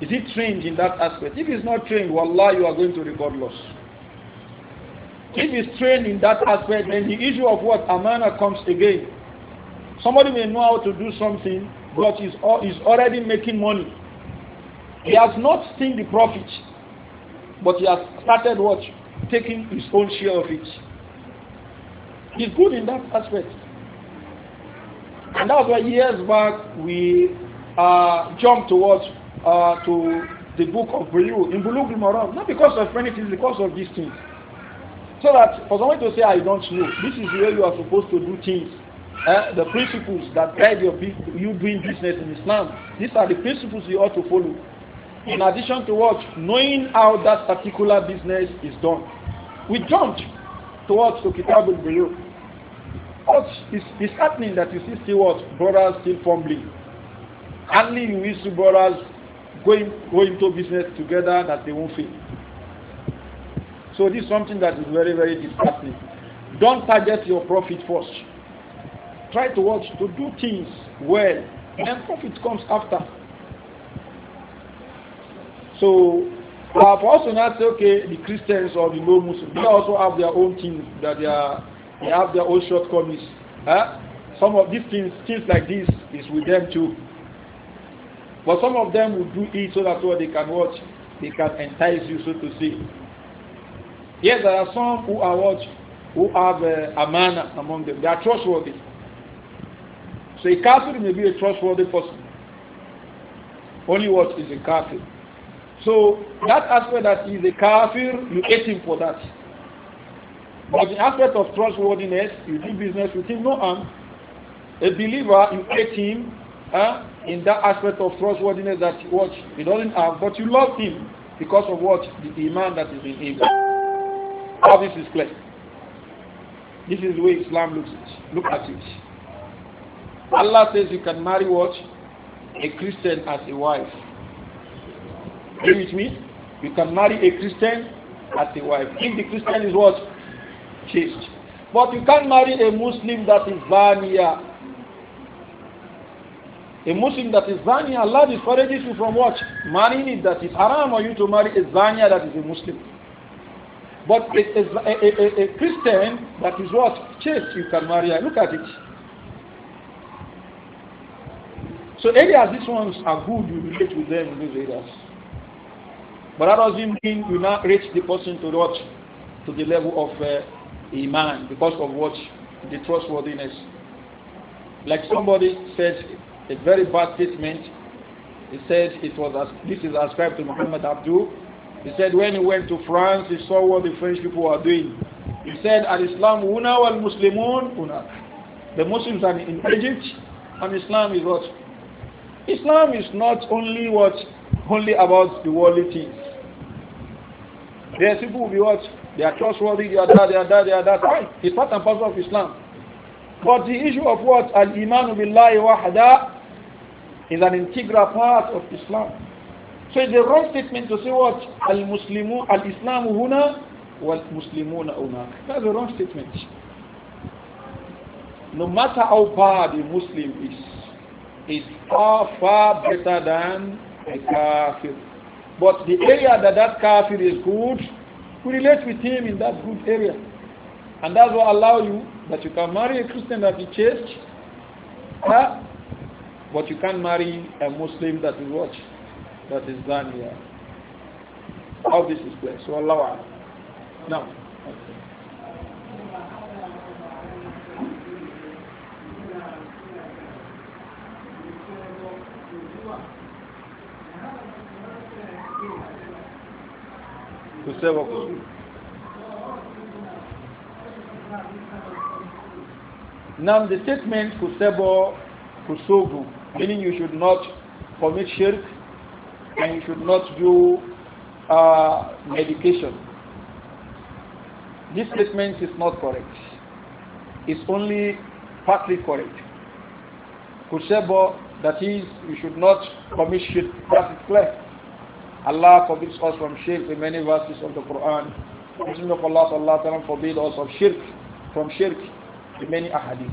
Speaker 1: Is he trained in that aspect? If he's not trained, wallah, you are going to record loss. If he's trained in that aspect, then the issue of what? Amana comes again. Somebody may know how to do something, but he's, he's already making money. He has not seen the profit, but he has started what? Taking his own share of it. He's good in that aspect. And that's why years back we uh, jumped towards uh, to the book of Bulu in Bulu Moran, not because of anything, because of these things. So that for someone to say I don't know, this is where you are supposed to do things. Uh, the principles that guide your you doing business in Islam. These are the principles you ought to follow in addition to what knowing how that particular business is done we jumped towards to capital below what is, is happening that you see still what brothers still fumbling hardly you see brothers going going into business together that they won't fail so this is something that is very very disheartening don't target your profit first try to watch to do things well and profit comes after so for us to not say, okay, the Christians or the muslims they also have their own things that they are, they have their own shortcomings. Huh? Some of these things, things like this, is with them too. But some of them will do it so that what they can watch, they can entice you, so to say. Yes, there are some who are watch, who have uh, a man among them. They are trustworthy. So a kafir may be a trustworthy person. Only what is a kafir. So that aspect that he's a kafir, you hate him for that. But the aspect of trustworthiness, you do business with him, no harm. A believer, you hate him huh, in that aspect of trustworthiness that what he doesn't have, but you love him because of what the iman that is in him. How this is clear. This is the way Islam looks at Look at it. Allah says you can marry what? A Christian as a wife. Are you with me? You can marry a Christian as a wife. If the Christian is what? Chaste. But you can't marry a Muslim that is Zania. A Muslim that is Zania, Allah discourages you from what? Marrying it that is haram or you to marry a Zania that is a Muslim. But a, a, a, a, Christian that is what? Chaste, you can marry. Look at it. So areas these ones are good, you relate with them in these areas. But that doesn't mean you now reach the person to what? To the level of uh, Iman because of what? The trustworthiness. Like somebody said a very bad statement. He said it was this is ascribed to Muhammad Abdul. He said when he went to France, he saw what the French people were doing. He said, Al Islam una wal Muslimun una. The Muslims are in Egypt, and Islam is what? Islam is not only what only about the worldly things. They people will be what? They are trustworthy, they are that, they are that, they are that. Fine. It's part and parcel of Islam. But the issue of what? Al-Iman billahi wahda is an integral part of Islam. So it's a wrong statement to say what? Al-Muslimu, Al-Islamu huna wal-Muslimuna huna. That's a wrong statement. No matter how bad a Muslim is, is far, far better than a kafir. But the area that that kafir is good, we relate with him in that good area. And that will allow you that you can marry a Christian that is chaste, huh? but you can't marry a Muslim that is watch, That is done here. How this is played. So Allah. Now. Okay. Now the statement kusebo kusogu meaning you should not commit shirk and you should not do uh, medication. This statement is not correct. It's only partly correct. Kusebo that is you should not commit shirk. That is clear. Allah forbids us from shirk in many verses of the Quran. The of Allah sallallahu forbid us of shirk, from shirk in many ahadith.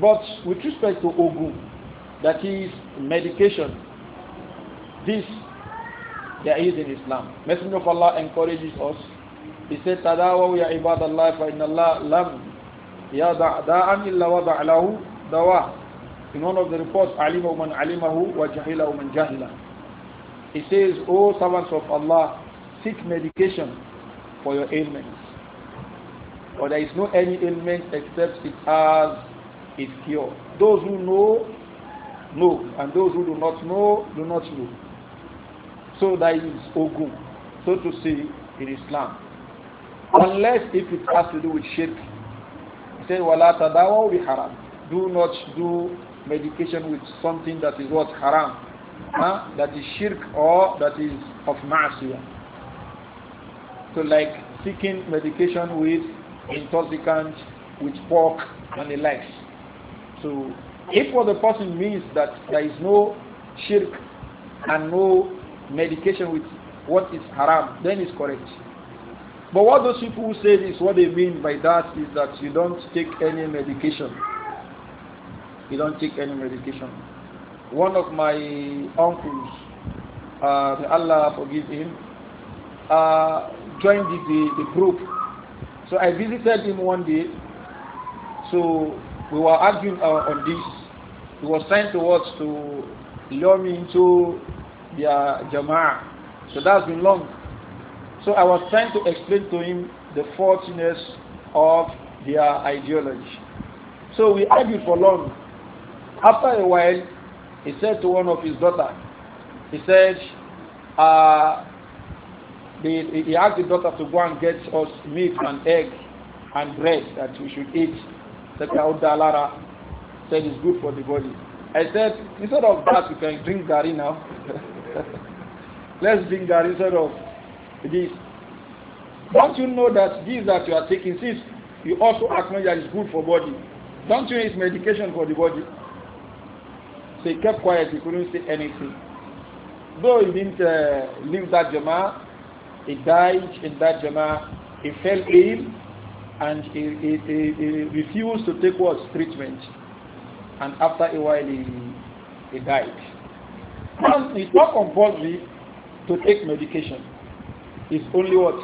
Speaker 1: But with respect to Ogu, that is medication, this there is in Islam. Messenger of Allah encourages us. He said, Tadawaw ya ibadallah fa inna Allah lam yada' da'an illa wada' lahu In one of the reports, alimahu man alimahu wa jahilahu man he says, O servants of Allah, seek medication for your ailments. For there is no any ailment except it has its cure. Those who know, know. And those who do not know, do not know. So that is Ogun, so to say, in Islam. Unless if it has to do with shirk. He said, Wala tadawa haram. Do not do medication with something that is what haram huh? that is shirk or that is of ma'asiyah. So like seeking medication with intoxicants, with pork and the likes. So if what the person means that there is no shirk and no medication with what is haram, then it's correct. But what those people say is what they mean by that is that you don't take any medication. You don't take any medication one of my uncles, uh, Allah forgive him, uh, joined the, the, the, group. So I visited him one day. So we were arguing uh, on this. He was trying to watch to lure me into their Jama'ah. So that's been long. So I was trying to explain to him the faultiness of their ideology. So we argued for long. After a while, he said to one of his daughter, he said, uh, the, he asked the daughter to go and get us meat and egg and bread that we should eat. The Kaudalara said it's good for the body. I said, instead of that, we can drink gari now. Let's drink gari instead of this. Don't you know that this that you are taking, since you also acknowledge that it's good for body, don't you need it's medication for the body? So he kept quiet, he couldn't say anything. Though he didn't uh, leave that Jama, he died in that Jama. he fell ill, and he, he, he, he refused to take what treatment. And after a while, he, he died. And it's not compulsory to take medication. It's only what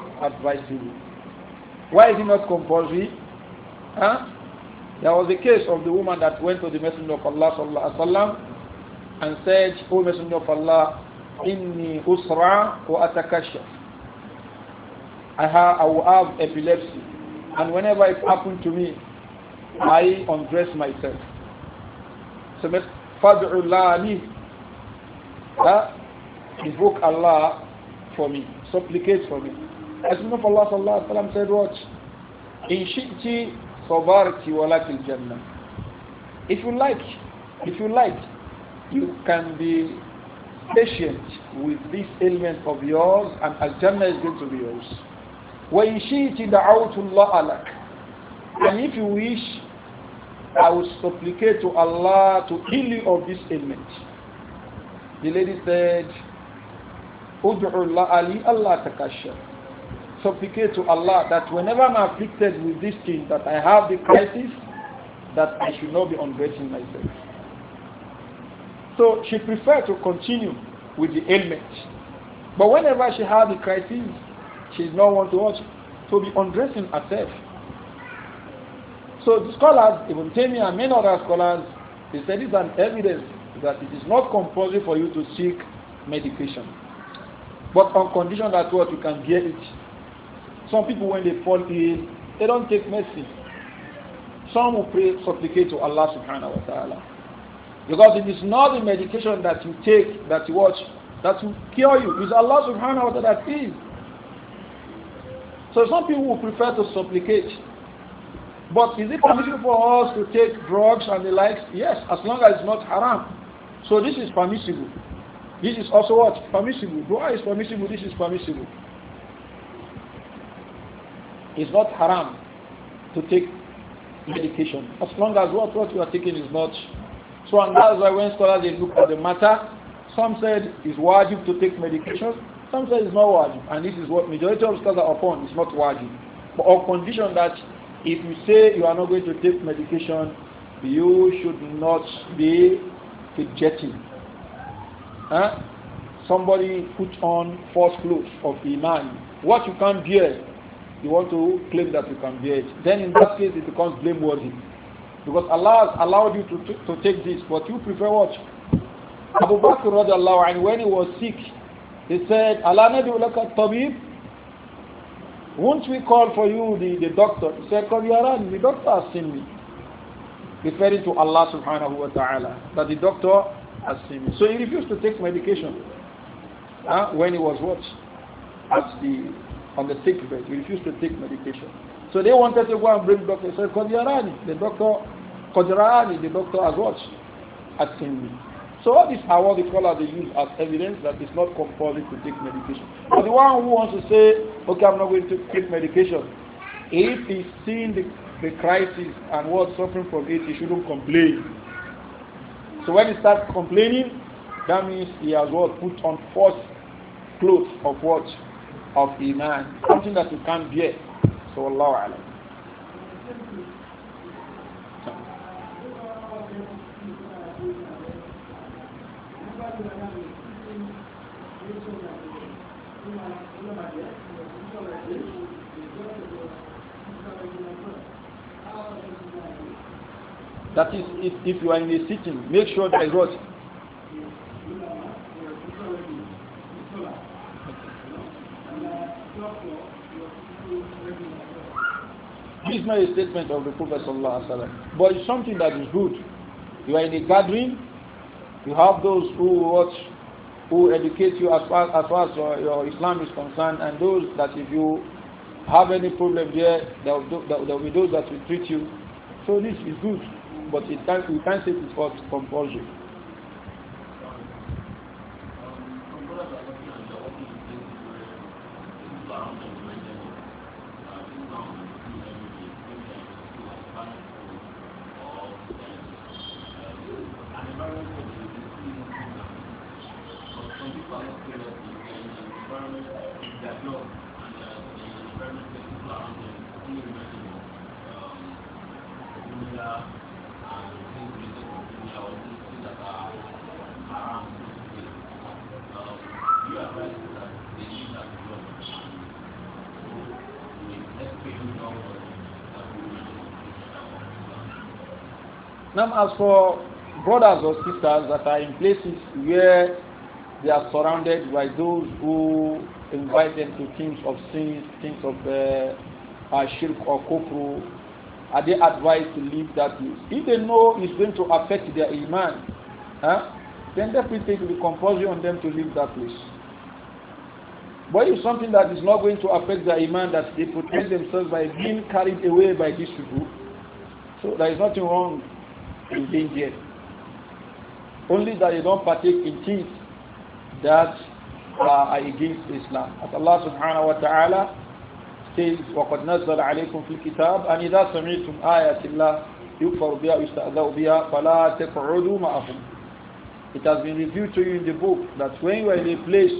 Speaker 1: you. Why is it not compulsory? Huh? There was a case of the woman that went to the Messenger of Allah sallallahu alaihi wasallam and said, O Messenger of Allah, Inni usra wa atakashaf. I, have, I will have epilepsy. And whenever it happened to me, I undress myself. So fad'u lani. Invoke Allah for me. Supplicate for me. As of Allah sallallahu alayhi wa said, watch. In shi'ti sabarti walakin jannah. If you like, if you like, you can be patient with this ailment of yours and Al-Jannah is going to be yours. وَإِنْ شِئْتِ دَعَوْتُ اللَّهَ لَكَ And if you wish, I will supplicate to Allah to heal you of this ailment. The lady said, أُدْعُ اللَّهَ لِي أَلَّا تَكَشَّفْ Supplicate to Allah that whenever I'm afflicted with this thing, that I have the crisis, that I should not be ungrateful myself. So she preferred to continue with the ailment. But whenever she had the crisis, she did not want to watch, to be undressing herself. So the scholars, even Taymiyyah and many other scholars, they said it's an evidence that it is not compulsory for you to seek medication. But on condition that what you can get it. Some people when they fall ill, they don't take medicine. Some will pray, supplicate to Allah subhanahu wa ta'ala. Because it is not the medication that you take, that you watch, that will cure you. It's Allah subhanahu wa ta'ala that is. So some people will prefer to supplicate. But is it permissible for us to take drugs and the likes? Yes, as long as it's not haram. So this is permissible. This is also what? Permissible. Dua is permissible, this is permissible. It's not haram to take medication. As long as what, what you are taking is not so and that's why when scholars they look at the matter, some said it's wajib to take medication, some said it's not wajib, and this is what majority of scholars are upon, it's not wajib. But on condition that if you say you are not going to take medication, you should not be fidgeting. Huh? Somebody put on false clothes of Iman. What you can't bear, you want to claim that you can bear it. Then in that case it becomes blameworthy. Because Allah has allowed you to, to take this, but you prefer what? Abu Bakr radiallahu anhu, when he was sick, he said, Allah nadu laka tabib, won't we call for you the, the doctor? He said, Qad yaran, the doctor has seen me. Referring to Allah subhanahu wa ta'ala, that the doctor has seen me. So he refused to take medication huh? when he was what? As the, on the sick bed. He refused to take medication. So they wanted to go and bring Dr. So Kodirani, the doctor, Kodirani, the doctor has watched, Has seen me. So all this are they call scholars they use as evidence that it's not compulsory to take medication. But the one who wants to say, okay, I'm not going to take medication, if he's seen the, the crisis and what suffering from it, he shouldn't complain. So when he starts complaining, that means he has what put on false clothes of what of a man, something that you can't bear. So Allah That is, if, if you are in a sitting, make sure that is what not a statement of the Prophet but it's something that is good. You are in a gathering, you have those who watch, who educate you as far as, far as your, your, Islam is concerned, and those that if you have any problem there, there will be those that will treat you. So this is good, but it can't, we can't say it is compulsory. as for brothers or sisters that are in places where they are surrounded by those who invite them to things of sin, things of uh, uh, shirk or kufru, are they advised to leave that place? If they know it's going to affect their iman, huh, then definitely it will be compulsory on them to leave that place. But if something that is not going to affect their iman, that they protect themselves by being carried away by these people, so there is nothing wrong in being Only that you don't partake in things that are against Islam. As Allah subhanahu wa ta'ala says, وَقَدْ نَزَّلَ عَلَيْكُمْ فِي الْكِتَابِ أَنْ إِذَا سَمِعْتُمْ آيَاتِ اللَّهِ يُكْفَرُ بِهَا وَيُسْتَأْذَوْ بِهَا فَلَا تَقْعُدُوا مَعَهُمْ It has been revealed to you in the book that when you are in a place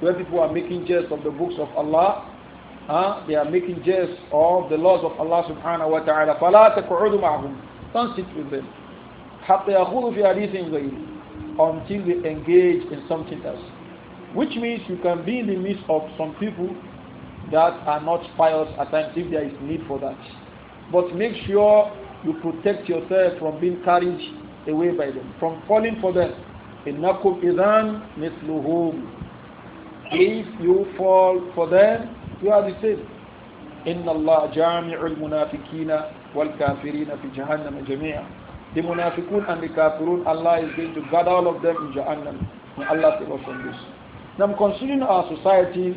Speaker 1: where people are making jest of the books of Allah, huh, they are making jest of the laws of Allah subhanahu wa ta'ala, فَلَا تَقْعُدُوا مَعَهُمْ Don't sit with them until they engage in something else. Which means you can be in the midst of some people that are not pious at times if there is need for that. But make sure you protect yourself from being carried away by them, from falling for them. إنكم إذا مثلهم If you fall for them, you are the same. إن الله جامع wal kafirina fi جهنم جميعا the munafiqun and the kafirun, Allah is going to gather all of them in Jahannam. May Allah save us from this. Now considering our society,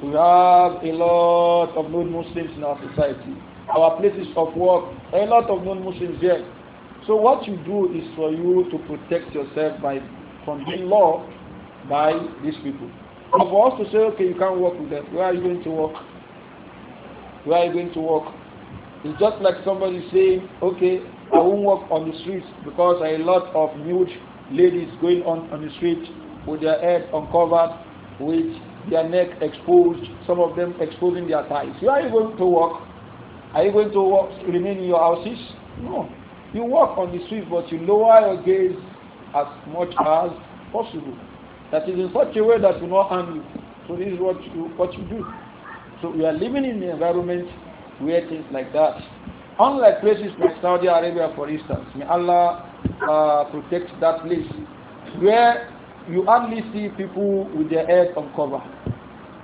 Speaker 1: we have a lot of non-Muslims in our society. Our places of work, a lot of non-Muslims there. So what you do is for you to protect yourself by from being law by these people. But for us to say, okay, you can't work with them, where are you going to work? Where are you going to work? It's just like somebody saying, okay, I won't walk on the streets because a lot of nude ladies going on on the street with their head uncovered, with their neck exposed, some of them exposing their thighs. You are you going to walk? Are you going to walk, remain in your houses? No. You walk on the streets, but you lower your gaze as much as possible. That is in such a way that will not harm you. So this is what you, what you do. So we are living in an environment where things like that Unlike places like Saudi Arabia, for instance, may Allah uh, protect that place, where you hardly see people with their heads uncovered.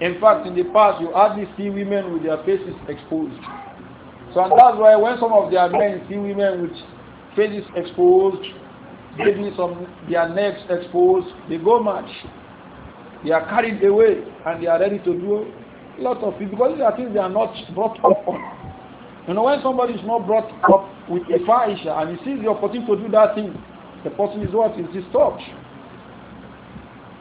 Speaker 1: In fact, in the past, you hardly see women with their faces exposed. So and that's why when some of their men see women with faces exposed, maybe some their necks exposed, they go mad. They are carried away and they are ready to do a lot of things because there are things they are not brought up on. You know, when somebody is not brought up with a fahisha and he sees the opportunity to do that thing, the person is what? Is disturbed.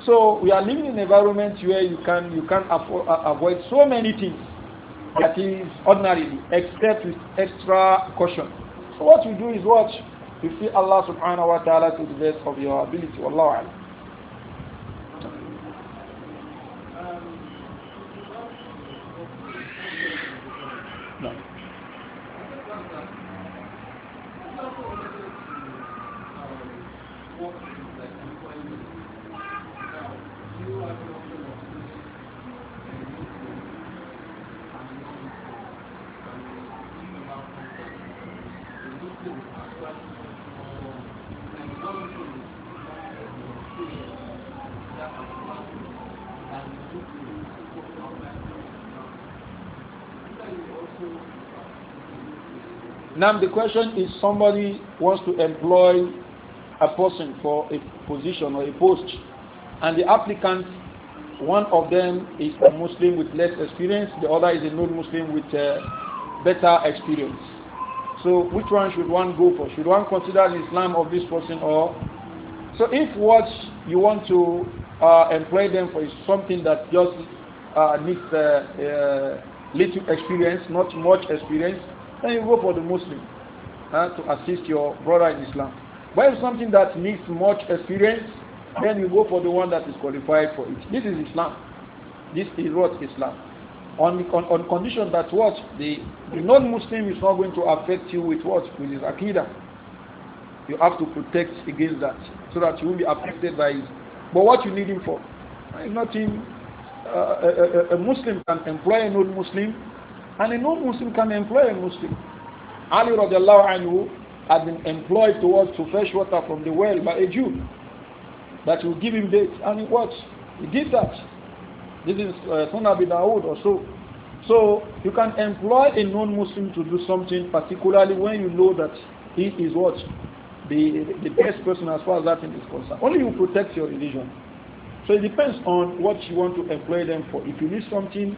Speaker 1: So we are living in an environment where you can you can uh, avoid so many things that is ordinarily, except with extra caution. So what we do is watch. You see Allah subhanahu wa ta'ala to the best of your ability. Wallahu alam. Now the question is somebody wants to employ a person for a position or a post and the applicant, one of them is a Muslim with less experience, the other is a non-Muslim with uh, better experience. So which one should one go for? Should one consider the Islam of this person or? So if what you want to uh, employ them for is something that just uh, needs uh, uh, little experience, not much experience, then you go for the Muslim uh, to assist your brother in Islam. But if something that needs much experience, then you go for the one that is qualified for it. This is Islam. This is what Islam. On, on, on condition that what the, the non-Muslim is not going to affect you with what with his akida. You have to protect against that so that you won't be affected by it. But what you need him for? Nothing. Uh, a, a, a Muslim can employ a non-Muslim and a non-Muslim can employ a Muslim. Ali radiallahu anhu had been employed towards to fetch water from the well by a Jew that will give him dates. And he what? He did that. This is uh, Sunnah bin Dawood or so. So you can employ a non-Muslim to do something, particularly when you know that he is what? The, the best person as far as that thing is concerned. Only you protect your religion. So it depends on what you want to employ them for. If you need something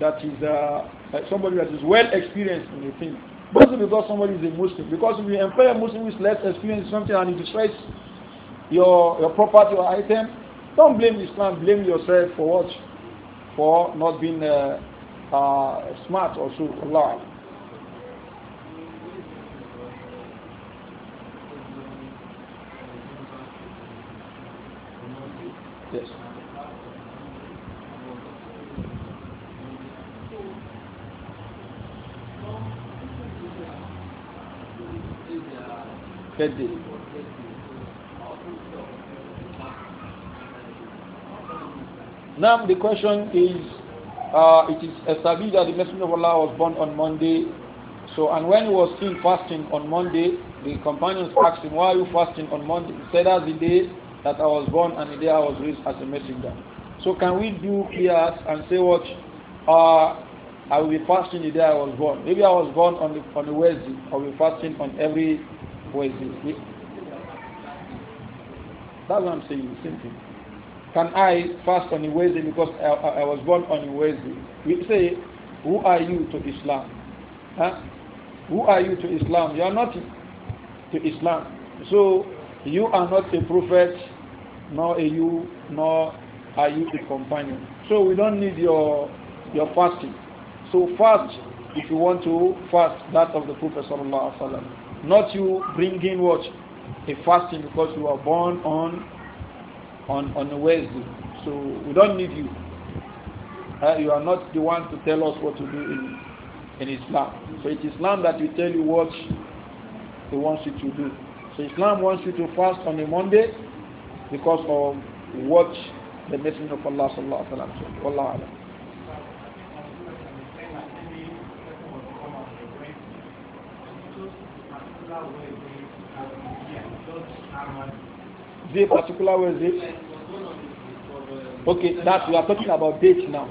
Speaker 1: that is uh, somebody that is well experienced in a thing. mostly because somebody is a Muslim. Because if you employ a Muslim who is less experienced in something and it destroys your, your property or item, don't blame Islam, blame yourself for what? For not being uh, uh, smart or so. Allah. Yes. Now the question is, uh, it is established that the Messenger of Allah was born on Monday. So, and when he was still fasting on Monday, the companions asked him, why are you fasting on Monday? He said, that's the day that I was born and the day I was raised as a messenger. So can we do here and say what? Uh, I will be fasting the day I was born. Maybe I was born on the, on the Wednesday. I will be fasting on every that's what I'm saying, thing. Can I fast on a Wednesday because I, I, was born on a Wednesday? We say, who are you to Islam? Huh? Who are you to Islam? You are not to Islam. So you are not a prophet, nor are you, nor are you a companion. So we don't need your your fasting. So fast if you want to fast that of the Prophet sallallahu alaihi wasallam. Not you bringing what? A fasting because you were born on on on a Wednesday. So we don't need you. Uh, you are not the one to tell us what to do in in Islam. So it's Islam that will tell you what he wants you to do. So Islam wants you to fast on a Monday because of what the Messenger of Allah sallallahu alaihi wasallam said. The particular way is it?
Speaker 2: Okay, that we are talking about date now.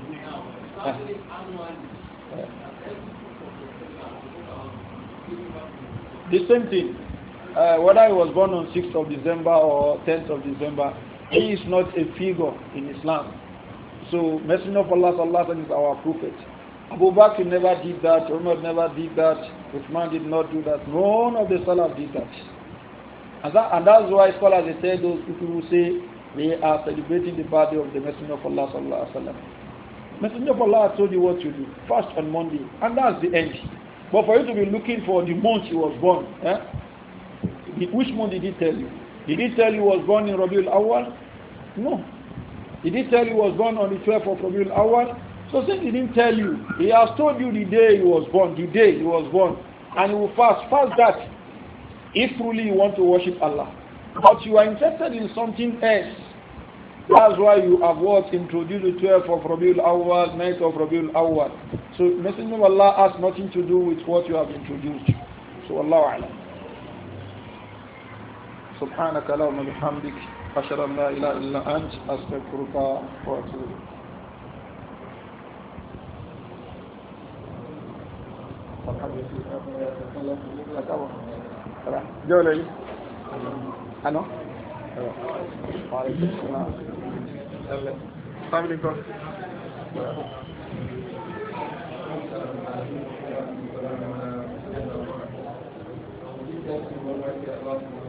Speaker 2: Uh, uh
Speaker 1: the same thing. Uh, whether he was born on 6th of December or 10th of December, he is not a figure in Islam. So Messenger of Allah, Allah is our prophet. Abu Bakr never did that, Umar never did that, Uthman did not do that, none of the scholars did that. And, that, and that's why scholars they say those people who say they are celebrating the birthday of the Messenger of Allah sallallahu alaihi wasallam. Messenger of Allah told you what to do. Fast on Monday, and that's the end. But for you to be looking for the month he was born, eh? which month did he tell you? Did he tell you he was born in Rabiul Awal? No. Did he tell you he was born on the 12th of Rabiul Awal? So since he didn't tell you, he has told you the day he was born, the day he was born, and he will fast. Fast that if truly you want to worship Allah. But you are interested in something else. That's why you have what introduced the 12th of Rabiul Awwal, 9th of Rabiul Awwal. So Messenger of Allah has nothing to do with what you have introduced. So Allah Alam. سبحانك اللهم وبحمدك أشهد أن لا إله إلا أنت أستغفرك وأتوب إليك jẹ́ olè yìí àná family court.
Speaker 2: Thank you.